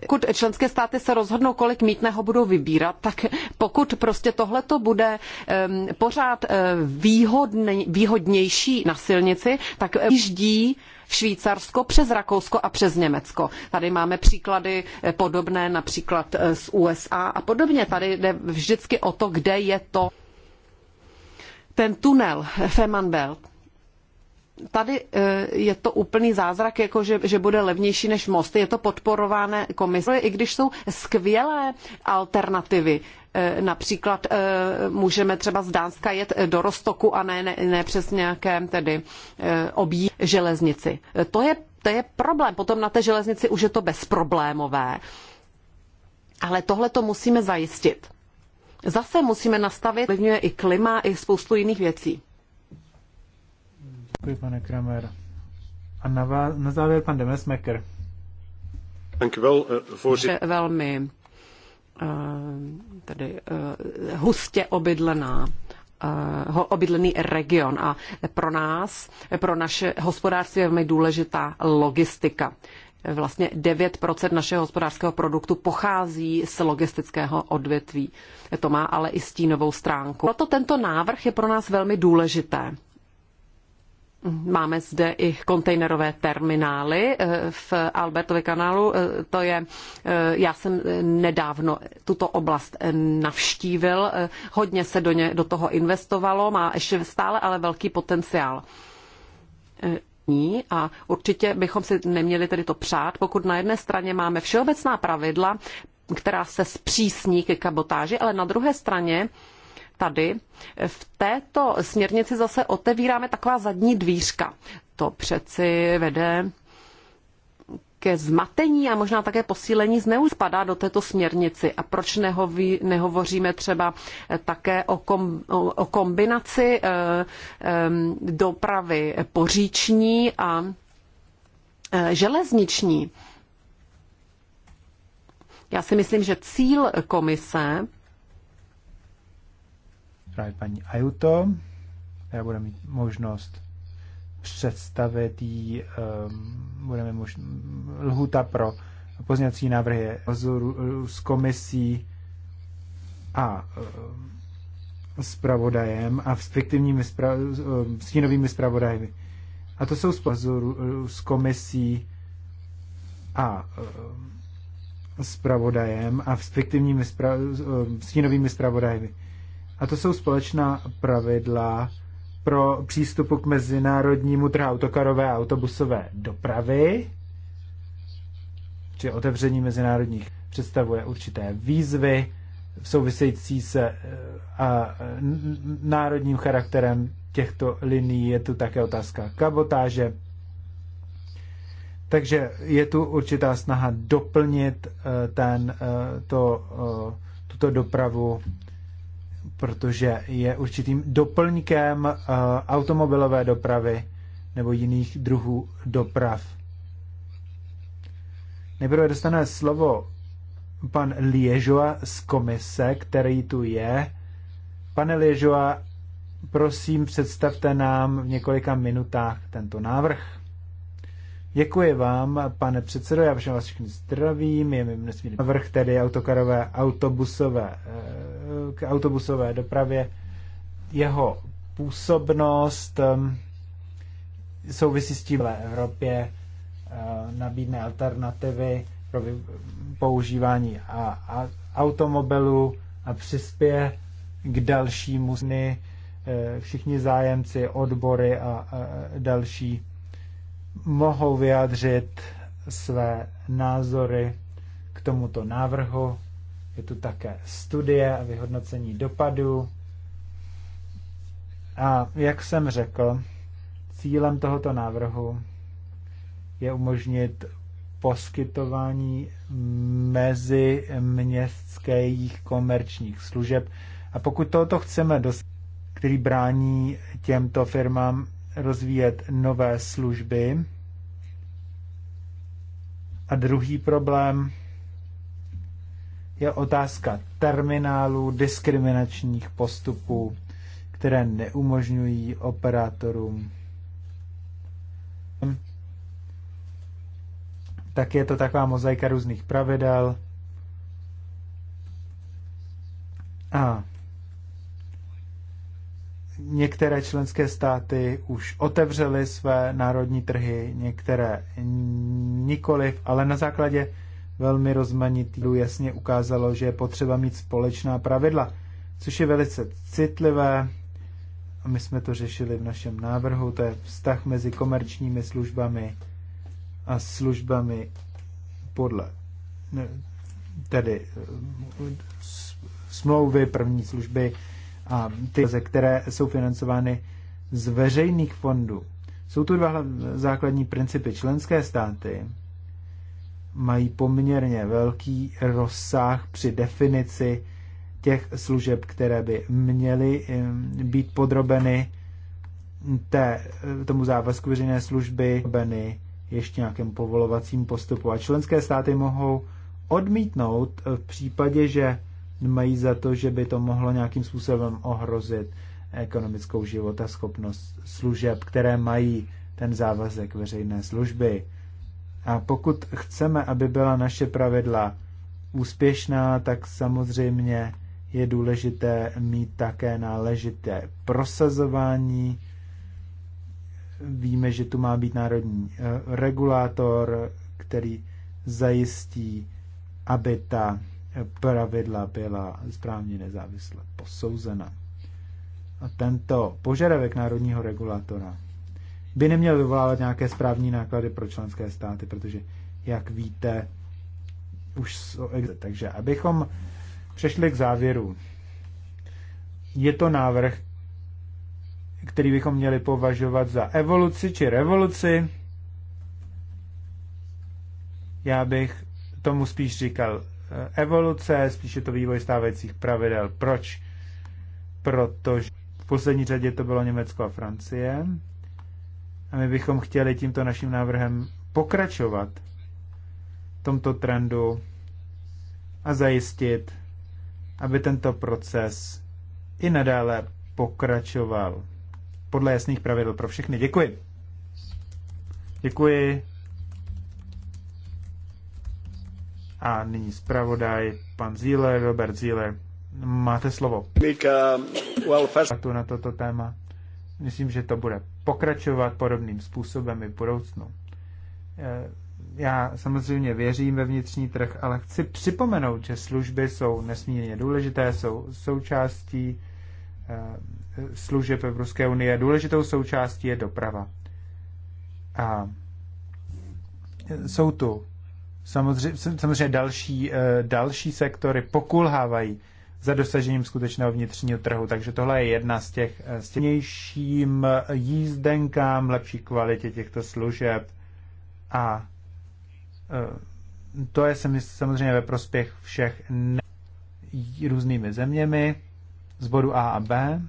pokud členské státy se rozhodnou, kolik mítného budou vybírat, tak pokud prostě tohleto bude um, pořád uh, výhodnej, výhodnější na silnici, tak eh, jíždí uh, Švýcarsko přes Rakousko a přes Německo. Tady máme příklady eh, podobné například eh, z USA a podobně. Tady jde vždycky o to, kde je to ten tunel eh, Femanbelt tady je to úplný zázrak, jako že, že bude levnější než most. Je to podporované komise, i když jsou skvělé alternativy. Eh, například eh, můžeme třeba z Dánska jet eh, do Rostoku a ne, ne, ne přes nějaké tedy obí železnici. To je, to je problém. Potom na té železnici už je to bezproblémové. Ale tohle to musíme zajistit. Zase musíme nastavit, ovlivňuje i klima, i spoustu jiných věcí. Děkuji, pane Kramer. A na, vás, na závěr pan Demesmeker. Velmi Eh, tedy eh, hustě obydlená eh, obydlený region a pro nás, pro naše hospodářství je velmi důležitá logistika. Vlastně 9% našeho hospodářského produktu pochází z logistického odvětví. To má ale i stínovou stránku. Proto tento návrh je pro nás velmi důležité. Máme zde i kontejnerové terminály eh, v Albertově kanálu. Eh, to je, eh, já jsem nedávno tuto oblast navštívil. Hodně se do, ně, do toho investovalo, má ještě stále ale velký potenciál. A určitě bychom si neměli tedy to přát, pokud na jedné straně máme všeobecná pravidla, která se zpřísní ke kabotáži, ale na druhé straně tady v této směrnici zase otevíráme taková zadní dvířka. To přeci vede ke zmatení a možná také posílení zneuspadá do této směrnici. A proč nehoví, nehovoříme třeba také o, kom, o kombinaci e, e, dopravy poříční a e, železniční? Já si myslím, že cíl komise právě paní Ayuto, která bude mít možnost představit jí, um, budeme mož, lhuta pro pozněcí návrhy z komisí a s ehm, pravodajem a s fiktivními spra, ehm, stínovými zpravodajmi. A to jsou z komisí a s pravodajem a s fiktivními spra, stínovými zpravodajmi. A to jsou společná pravidla pro přístupu k mezinárodnímu trhu autokarové a autobusové dopravy, či otevření mezinárodních představuje určité výzvy související se eh, a, národním charakterem těchto linií. Je tu také otázka kabotáže. Takže je tu určitá snaha doplnit eh, ten, eh, to, tuto dopravu protože je určitým doplňkem eh, automobilové dopravy nebo jiných druhů doprav. Nejprve dostane slovo pan Liežoa z komise, který tu je. Pane Liežoa, prosím, představte nám v několika minutách tento návrh. Děkuji vám, pane předsedo, já všem vás všechny zdravím, je mi nesmírný návrh, tedy autokarové, autobusové eh, k autobusové dopravě. Jeho působnost um, souvisí s tím, v Evropě uh, nabídne alternativy pro používání a, a automobilů a přispěje k dalšímu sny eh, všichni zájemci, odbory a, a další mohou vyjádřit své názory k tomuto návrhu je tu také studie a vyhodnocení dopadu. A jak jsem řekl, cílem tohoto návrhu je umožnit poskytování mezi městských komerčních služeb. A pokud tohoto chceme dosáhnout, který brání těmto firmám rozvíjet nové služby. A druhý problém je otázka terminálů, diskriminačních postupů, které neumožňují operátorům. Tak je to taková mozaika různých pravidel. A některé členské státy už otevřely své národní trhy, některé nikoliv, ale na základě velmi rozmanitý, jasně ukázalo, že je potřeba mít společná pravidla, což je velice citlivé. A my jsme to řešili v našem návrhu, to je vztah mezi komerčními službami a službami podle tedy eh, smlouvy první služby a ty, které jsou financovány z veřejných fondů. Jsou tu dva základní principy. Členské státy mají poměrně velký rozsah při definici těch služeb, které by měly být podrobeny té, tomu závazku veřejné služby, podrobeny ještě nějakém povolovacím postupu. A členské státy mohou odmítnout v případě, že mají za to, že by to mohlo nějakým způsobem ohrozit ekonomickou životaschopnost služeb, které mají ten závazek veřejné služby. A pokud chceme, aby byla naše pravidla úspěšná, tak samozřejmě je důležité mít také náležité prosazování. Víme, že tu má být národní eh, regulátor, který zajistí, aby ta eh, pravidla byla správně nezávisle posouzena. A tento požadavek národního regulátora by neměl vyvolávat nějaké správní náklady pro členské státy, protože, jak víte, už jsou Takže abychom přešli k závěru. Je to návrh, který bychom měli považovat za evoluci či revoluci. Já bych tomu spíš říkal eh, evoluce, spíš je to vývoj stávajících pravidel. Proč? Protože v poslední řadě to bylo Německo a Francie, a my bychom chtěli tímto naším návrhem pokračovat v tomto trendu a zajistit, aby tento proces i nadále pokračoval podle jasných pravidel pro všechny. Děkuji. Děkuji. A nyní zpravodaj, pan Zíler, Robert Zíler. Máte slovo. Mika, well, first... na toto téma. Myslím, že to bude pokračovat podobným způsobem i v budoucnu. Eh, já samozřejmě věřím ve vnitřní trh, ale chci připomenout, že služby jsou nesmírně důležité, jsou součástí eh, služeb Evropské unie. Důležitou součástí je doprava. A eh, jsou tu samozřejmě, samozřejmě další, další sektory pokulhávají za dosažením skutečného vnitřního trhu. Takže tohle je jedna z těch stěnějším eh, jízdenkám, lepší kvalitě těchto služeb a eh, to je samozřejmě ve prospěch všech ne- různými zeměmi z bodu A a B,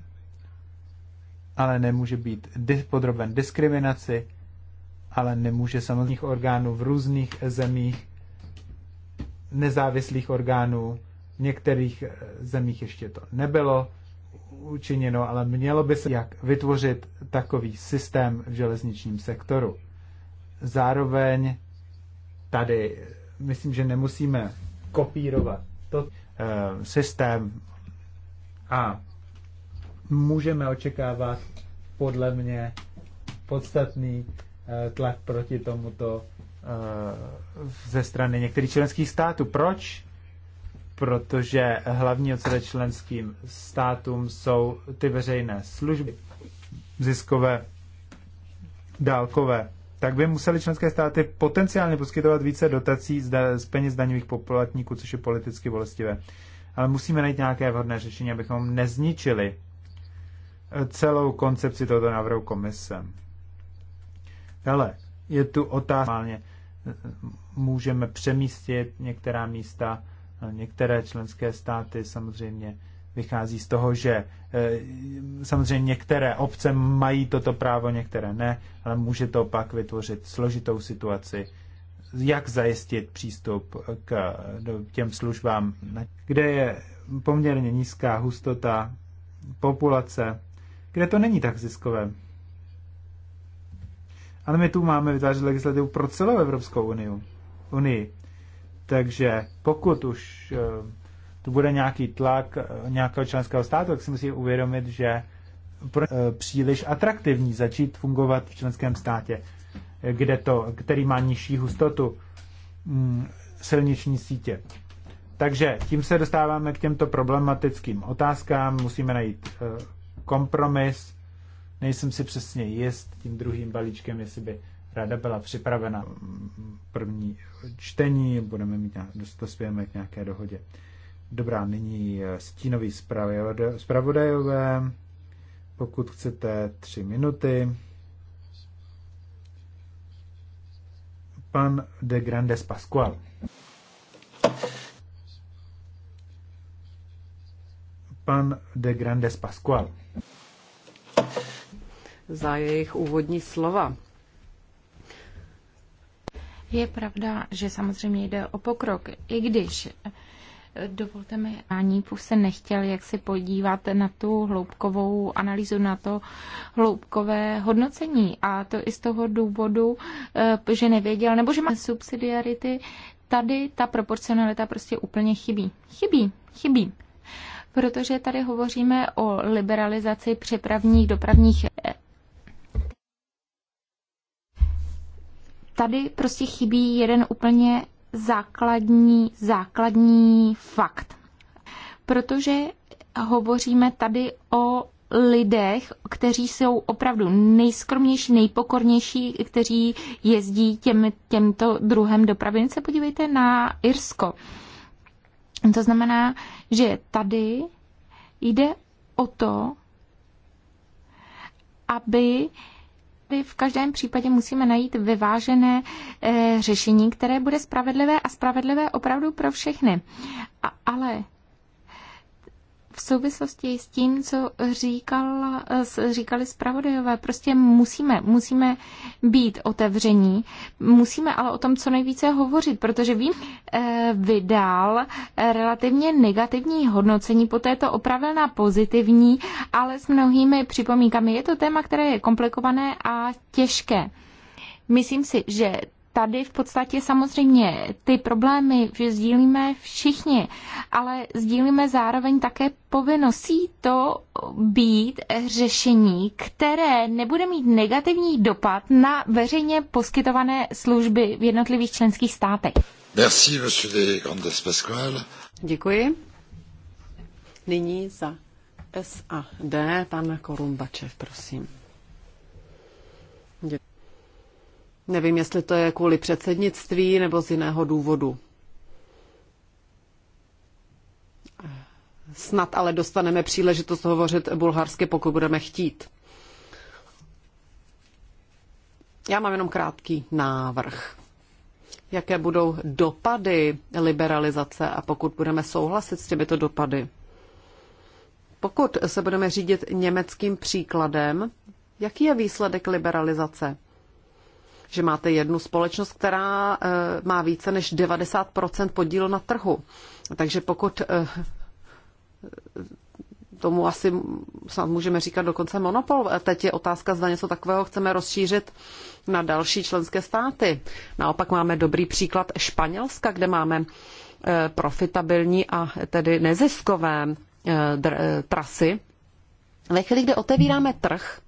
ale nemůže být podroben diskriminaci, ale nemůže samozřejmě orgánů v různých zemích, nezávislých orgánů, v některých eh, zemích ještě to nebylo učiněno, ale mělo by se jak vytvořit takový systém v železničním sektoru. Zároveň tady eh, myslím, že nemusíme kopírovat to e, systém a můžeme očekávat podle mě podstatný e, tlak proti tomuto e, ze strany některých členských států. Proč protože hlavní odsada členským státům jsou ty veřejné služby, ziskové, dálkové, tak by museli členské státy potenciálně poskytovat více dotací z peněz daňových poplatníků, což je politicky bolestivé. Ale musíme najít nějaké vhodné řešení, abychom nezničili eh, celou koncepci tohoto návrhu komise. Dále je tu otázka, eh, můžeme přemístit některá místa některé členské státy samozřejmě vychází z toho, že e, samozřejmě některé obce mají toto právo, některé ne, ale může to pak vytvořit složitou situaci, jak zajistit přístup k těm službám, kde je poměrně nízká hustota populace, kde to není tak ziskové. Ale my tu máme vytvářet legislativu pro celou Evropskou unii. unii. Takže pokud už eh, to bude nějaký tlak eh, nějakého členského státu, tak si musí uvědomit, že pro, eh, příliš atraktivní začít fungovat v členském státě, kde to, který má nižší hustotu mm, silniční sítě. Takže tím se dostáváme k těmto problematickým otázkám. Musíme najít kompromis. Nejsem si přesně jist tím druhým balíčkem, jestli by Rada byla připravena první čtení, budeme mít, dospějeme k nějaké dohodě. Dobrá, nyní stínový zpravodajové. Pokud chcete tři minuty. Pan de Grandes Pascual. Pan de Grandes Pascual. Za jejich úvodní slova. Je pravda, že samozřejmě jde o pokrok, i když eh, Dovolte mi, Anípův se nechtěl jak si podívat na tu hloubkovou analýzu, na to hloubkové hodnocení. A to i z toho důvodu, eh, že nevěděl, nebo že má subsidiarity, tady ta proporcionalita prostě úplně chybí. Chybí, chybí. Protože tady hovoříme o liberalizaci přepravních dopravních eh, tady prostě chybí jeden úplně základní, základní fakt. Protože hovoříme tady o lidech, kteří jsou opravdu nejskromnější, nejpokornější, kteří jezdí těm, těmto druhem dopravy. se podívejte na Irsko. To znamená, že tady jde o to, aby tady v každém případě musíme najít vyvážené eh, řešení, které bude spravedlivé a spravedlivé opravdu pro všechny. A, ale v souvislosti s tím, co říkal, říkali zpravodajové. Prostě musíme, musíme být otevření, musíme ale o tom co nejvíce hovořit, protože vím, eh, vydal eh, relativně negativní hodnocení, poté to opravil na pozitivní, ale s mnohými připomínkami. Je to téma, které je komplikované a těžké. Myslím si, že tady v podstatě samozřejmě ty problémy že sdílíme všichni, ale sdílíme zároveň také povinností to být řešení, které nebude mít negativní dopad na veřejně poskytované služby v jednotlivých členských státech. Merci, Děkuji. Nyní za SAD pan Korumbačev, prosím. Nevím, jestli to je kvůli předsednictví nebo z jiného důvodu. Snad ale dostaneme příležitost hovořit bulharsky, pokud budeme chtít. Já mám jenom krátký návrh. Jaké budou dopady liberalizace a pokud budeme souhlasit s těmito dopady? Pokud se budeme řídit německým příkladem, jaký je výsledek liberalizace? že máte jednu společnost, která eh, má více než 90 podílu na trhu. Takže pokud eh, tomu asi snad můžeme říkat dokonce monopol. Teď je otázka, zda něco takového chceme rozšířit na další členské státy. Naopak máme dobrý příklad Španělska, kde máme eh, profitabilní a tedy neziskové trasy. Ve chvíli, kdy otevíráme trh,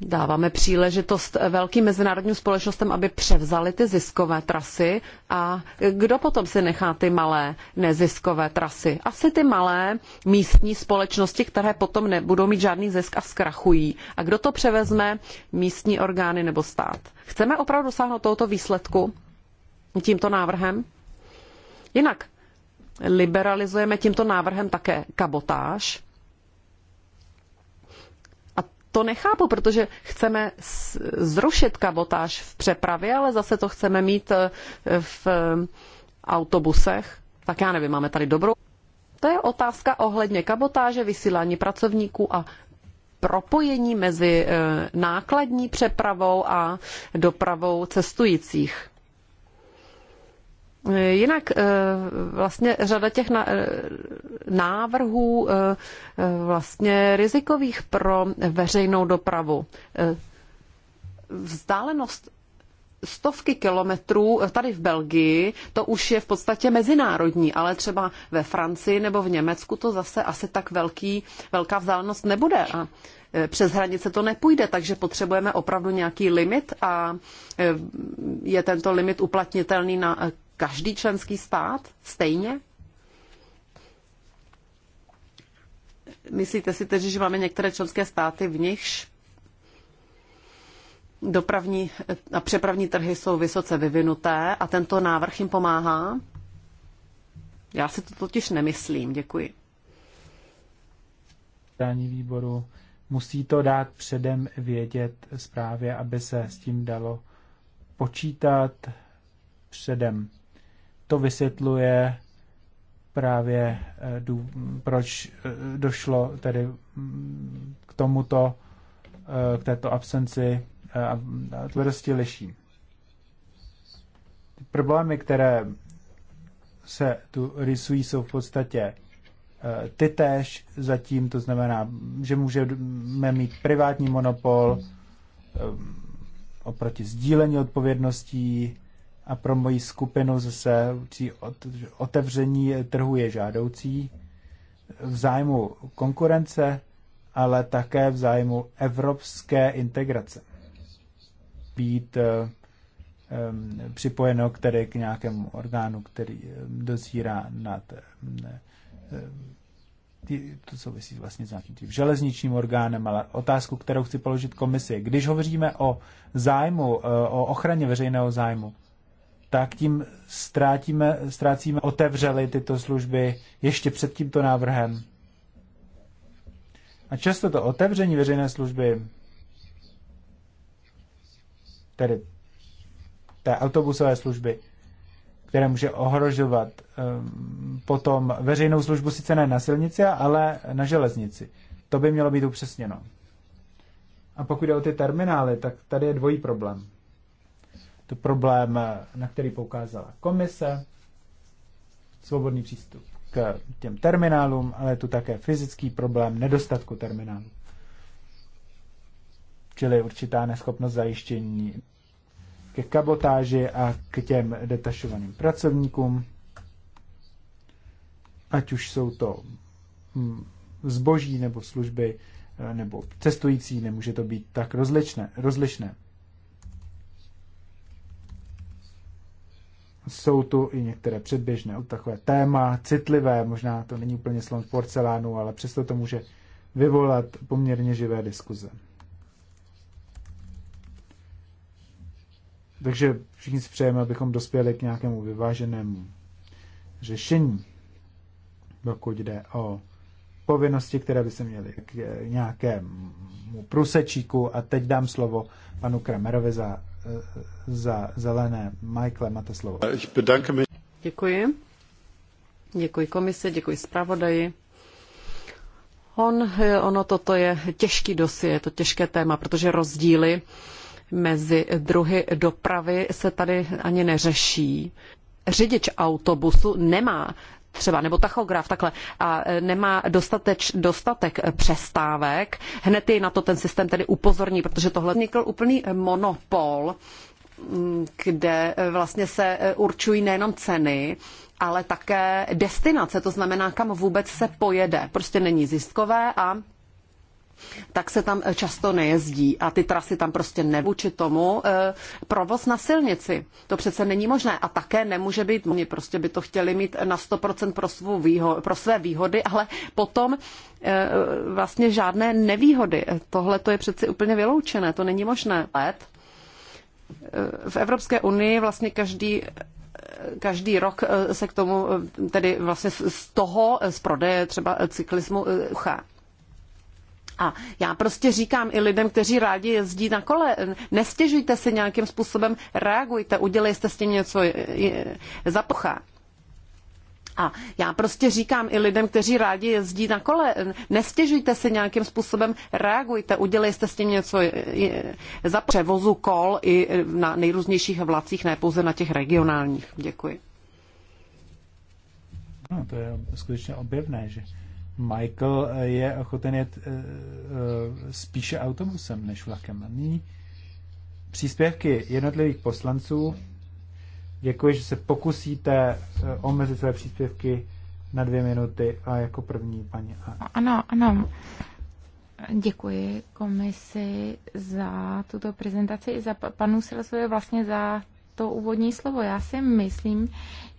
dáváme příležitost velkým mezinárodním společnostem, aby převzali ty ziskové trasy a kdo potom si nechá ty malé neziskové trasy? Asi ty malé místní společnosti, které potom nebudou mít žádný zisk a zkrachují. A kdo to převezme? Místní orgány nebo stát. Chceme opravdu dosáhnout tohoto výsledku tímto návrhem? Jinak liberalizujeme tímto návrhem také kabotáž, to nechápu, protože chceme zrušit kabotáž v přepravě, ale zase to chceme mít eh, v eh, autobusech. Tak já nevím, máme tady dobrou. To je otázka ohledně kabotáže, vysílání pracovníků a propojení mezi eh, nákladní přepravou a dopravou cestujících. Jinak eh, vlastně řada těch eh, návrhů eh, vlastně rizikových pro veřejnou dopravu. Vzdálenost stovky kilometrů tady v Belgii, to už je v podstatě mezinárodní, ale třeba ve Francii nebo v Německu to zase asi tak velký, velká vzdálenost nebude. A přes hranice to nepůjde, takže potřebujeme opravdu nějaký limit a je tento limit uplatnitelný na každý členský stát stejně? Myslíte si tedy, že máme některé členské státy, v nichž dopravní a přepravní trhy jsou vysoce vyvinuté a tento návrh jim pomáhá? Já si to totiž nemyslím. Děkuji. Dání výboru musí to dát předem vědět zprávě, aby se s tím dalo počítat předem to vysvětluje právě, eh, proč eh, došlo tedy mm, k tomuto, eh, k této absenci a tvrdosti liší. Problémy, které se tu rysují, jsou v podstatě ty též zatím, to znamená, že můžeme mít privátní monopol oproti sdílení odpovědností, a pro moji skupinu zase otevření trhu je žádoucí v zájmu konkurence, ale také v zájmu evropské integrace. Být eh, připojeno k, k nějakému orgánu, který eh, dozírá nad um, to souvisí vlastně s nějakým tím železničním orgánem, ale otázku, kterou chci položit komisi. Když hovoříme o zájmu, o ochraně veřejného zájmu, tak tím ztrátíme, ztrácíme, otevřeli tyto služby ještě před tímto návrhem. A často to otevření veřejné služby, tedy té autobusové služby, které může ohrožovat um, potom veřejnou službu sice ne na silnici, ale na železnici. To by mělo být upřesněno. A pokud jde o ty terminály, tak tady je dvojí problém to problém, na který poukázala komise, svobodný přístup k těm terminálům, ale je tu také fyzický problém nedostatku terminálů. Čili určitá neschopnost zajištění ke kabotáži a k těm detašovaným pracovníkům, ať už jsou to hm, zboží nebo služby eh, nebo cestující, nemůže to být tak rozličné. rozličné. Jsou tu i některé předběžné, takové téma, citlivé, možná to není úplně slon porcelánu, ale přesto to může vyvolat poměrně živé diskuze. Takže všichni si přejeme, abychom dospěli k nějakému vyváženému řešení, dokud jde o povinnosti, které by se měly k nějakému průsečíku. A teď dám slovo panu Kramerovi za Eh, za zelené. Michael, máte slovo. Děkuji. Děkuji komise, děkuji zpravodaji. On, eh, ono toto je těžký dosie, je to těžké téma, protože rozdíly mezi druhy dopravy se tady ani neřeší. Řidič autobusu nemá třeba, nebo tachograf, takhle, a e, nemá dostateč, dostatek e, přestávek, hned je na to ten systém tedy upozorní, protože tohle vznikl úplný e, monopol, mm, kde vlastně se určují nejenom ceny, ale také destinace, to znamená, kam vůbec se pojede. Prostě není ziskové a tak se tam eh, často nejezdí a ty trasy tam prostě nevůči tomu eh, provoz na silnici. To přece není možné a také nemůže být, oni prostě by to chtěli mít na 100% pro, svou výho- pro své výhody, ale potom eh, vlastně žádné nevýhody. Tohle to je přeci úplně vyloučené, to není možné. V Evropské unii vlastně každý každý rok se k tomu, tedy vlastně z toho, z prodeje třeba cyklismu, chá a já prostě říkám i lidem, kteří rádi jezdí na kole, nestěžujte si nějakým způsobem, reagujte, udělejte s tím něco za A já prostě říkám i lidem, kteří rádi jezdí na kole, nestěžujte si nějakým způsobem, reagujte, udělejte s tím něco za převozu kol i na nejrůznějších vlacích, ne pouze na těch regionálních. Děkuji. No, to je skutečně objevné, že Michael je ochoten jet eh, eh, spíše autobusem než vlakem. Nyní příspěvky jednotlivých poslanců. Děkuji, že se pokusíte eh, omezit své příspěvky na dvě minuty a jako první paní. Ano, ano. Děkuji komisi za tuto prezentaci i za panu Silasovi vlastně za to úvodní slovo. Já si myslím,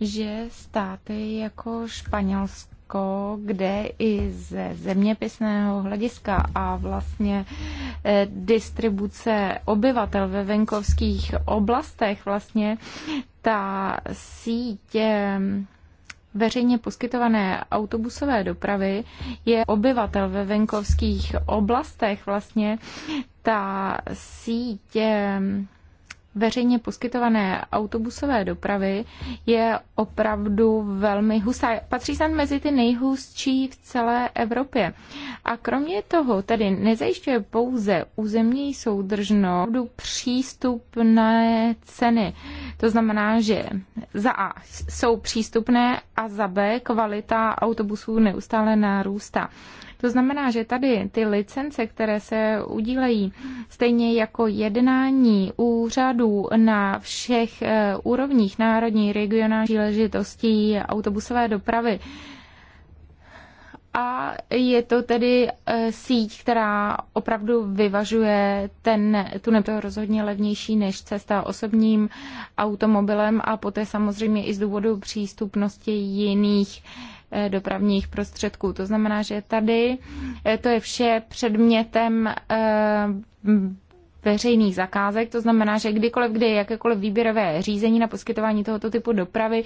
že státy jako Španělsko Rusko, kde i ze zeměpisného hlediska a vlastně eh, distribuce obyvatel ve venkovských oblastech vlastně ta síť mm, veřejně poskytované autobusové dopravy je obyvatel ve venkovských oblastech vlastně ta síť veřejně poskytované autobusové dopravy je opravdu velmi hustá. Patří sem mezi ty nejhustší v celé Evropě. A kromě toho tedy nezajišťuje pouze územní soudržnost, přístupné ceny. To znamená, že za A jsou přístupné a za B kvalita autobusů neustále narůstá. To znamená, že tady ty licence, které se udílejí, stejně jako jednání úřadů na všech eh, úrovních národní, regionální příležitostí autobusové dopravy, a je to tedy eh, síť, která opravdu vyvažuje ten tu nebo rozhodně levnější než cesta osobním automobilem a poté samozřejmě i z důvodu přístupnosti jiných Eh, dopravních prostředků. To znamená, že tady eh, to je vše předmětem eh, veřejných zakázek, to znamená, že kdykoliv, kdy je jakékoliv výběrové řízení na poskytování tohoto typu dopravy,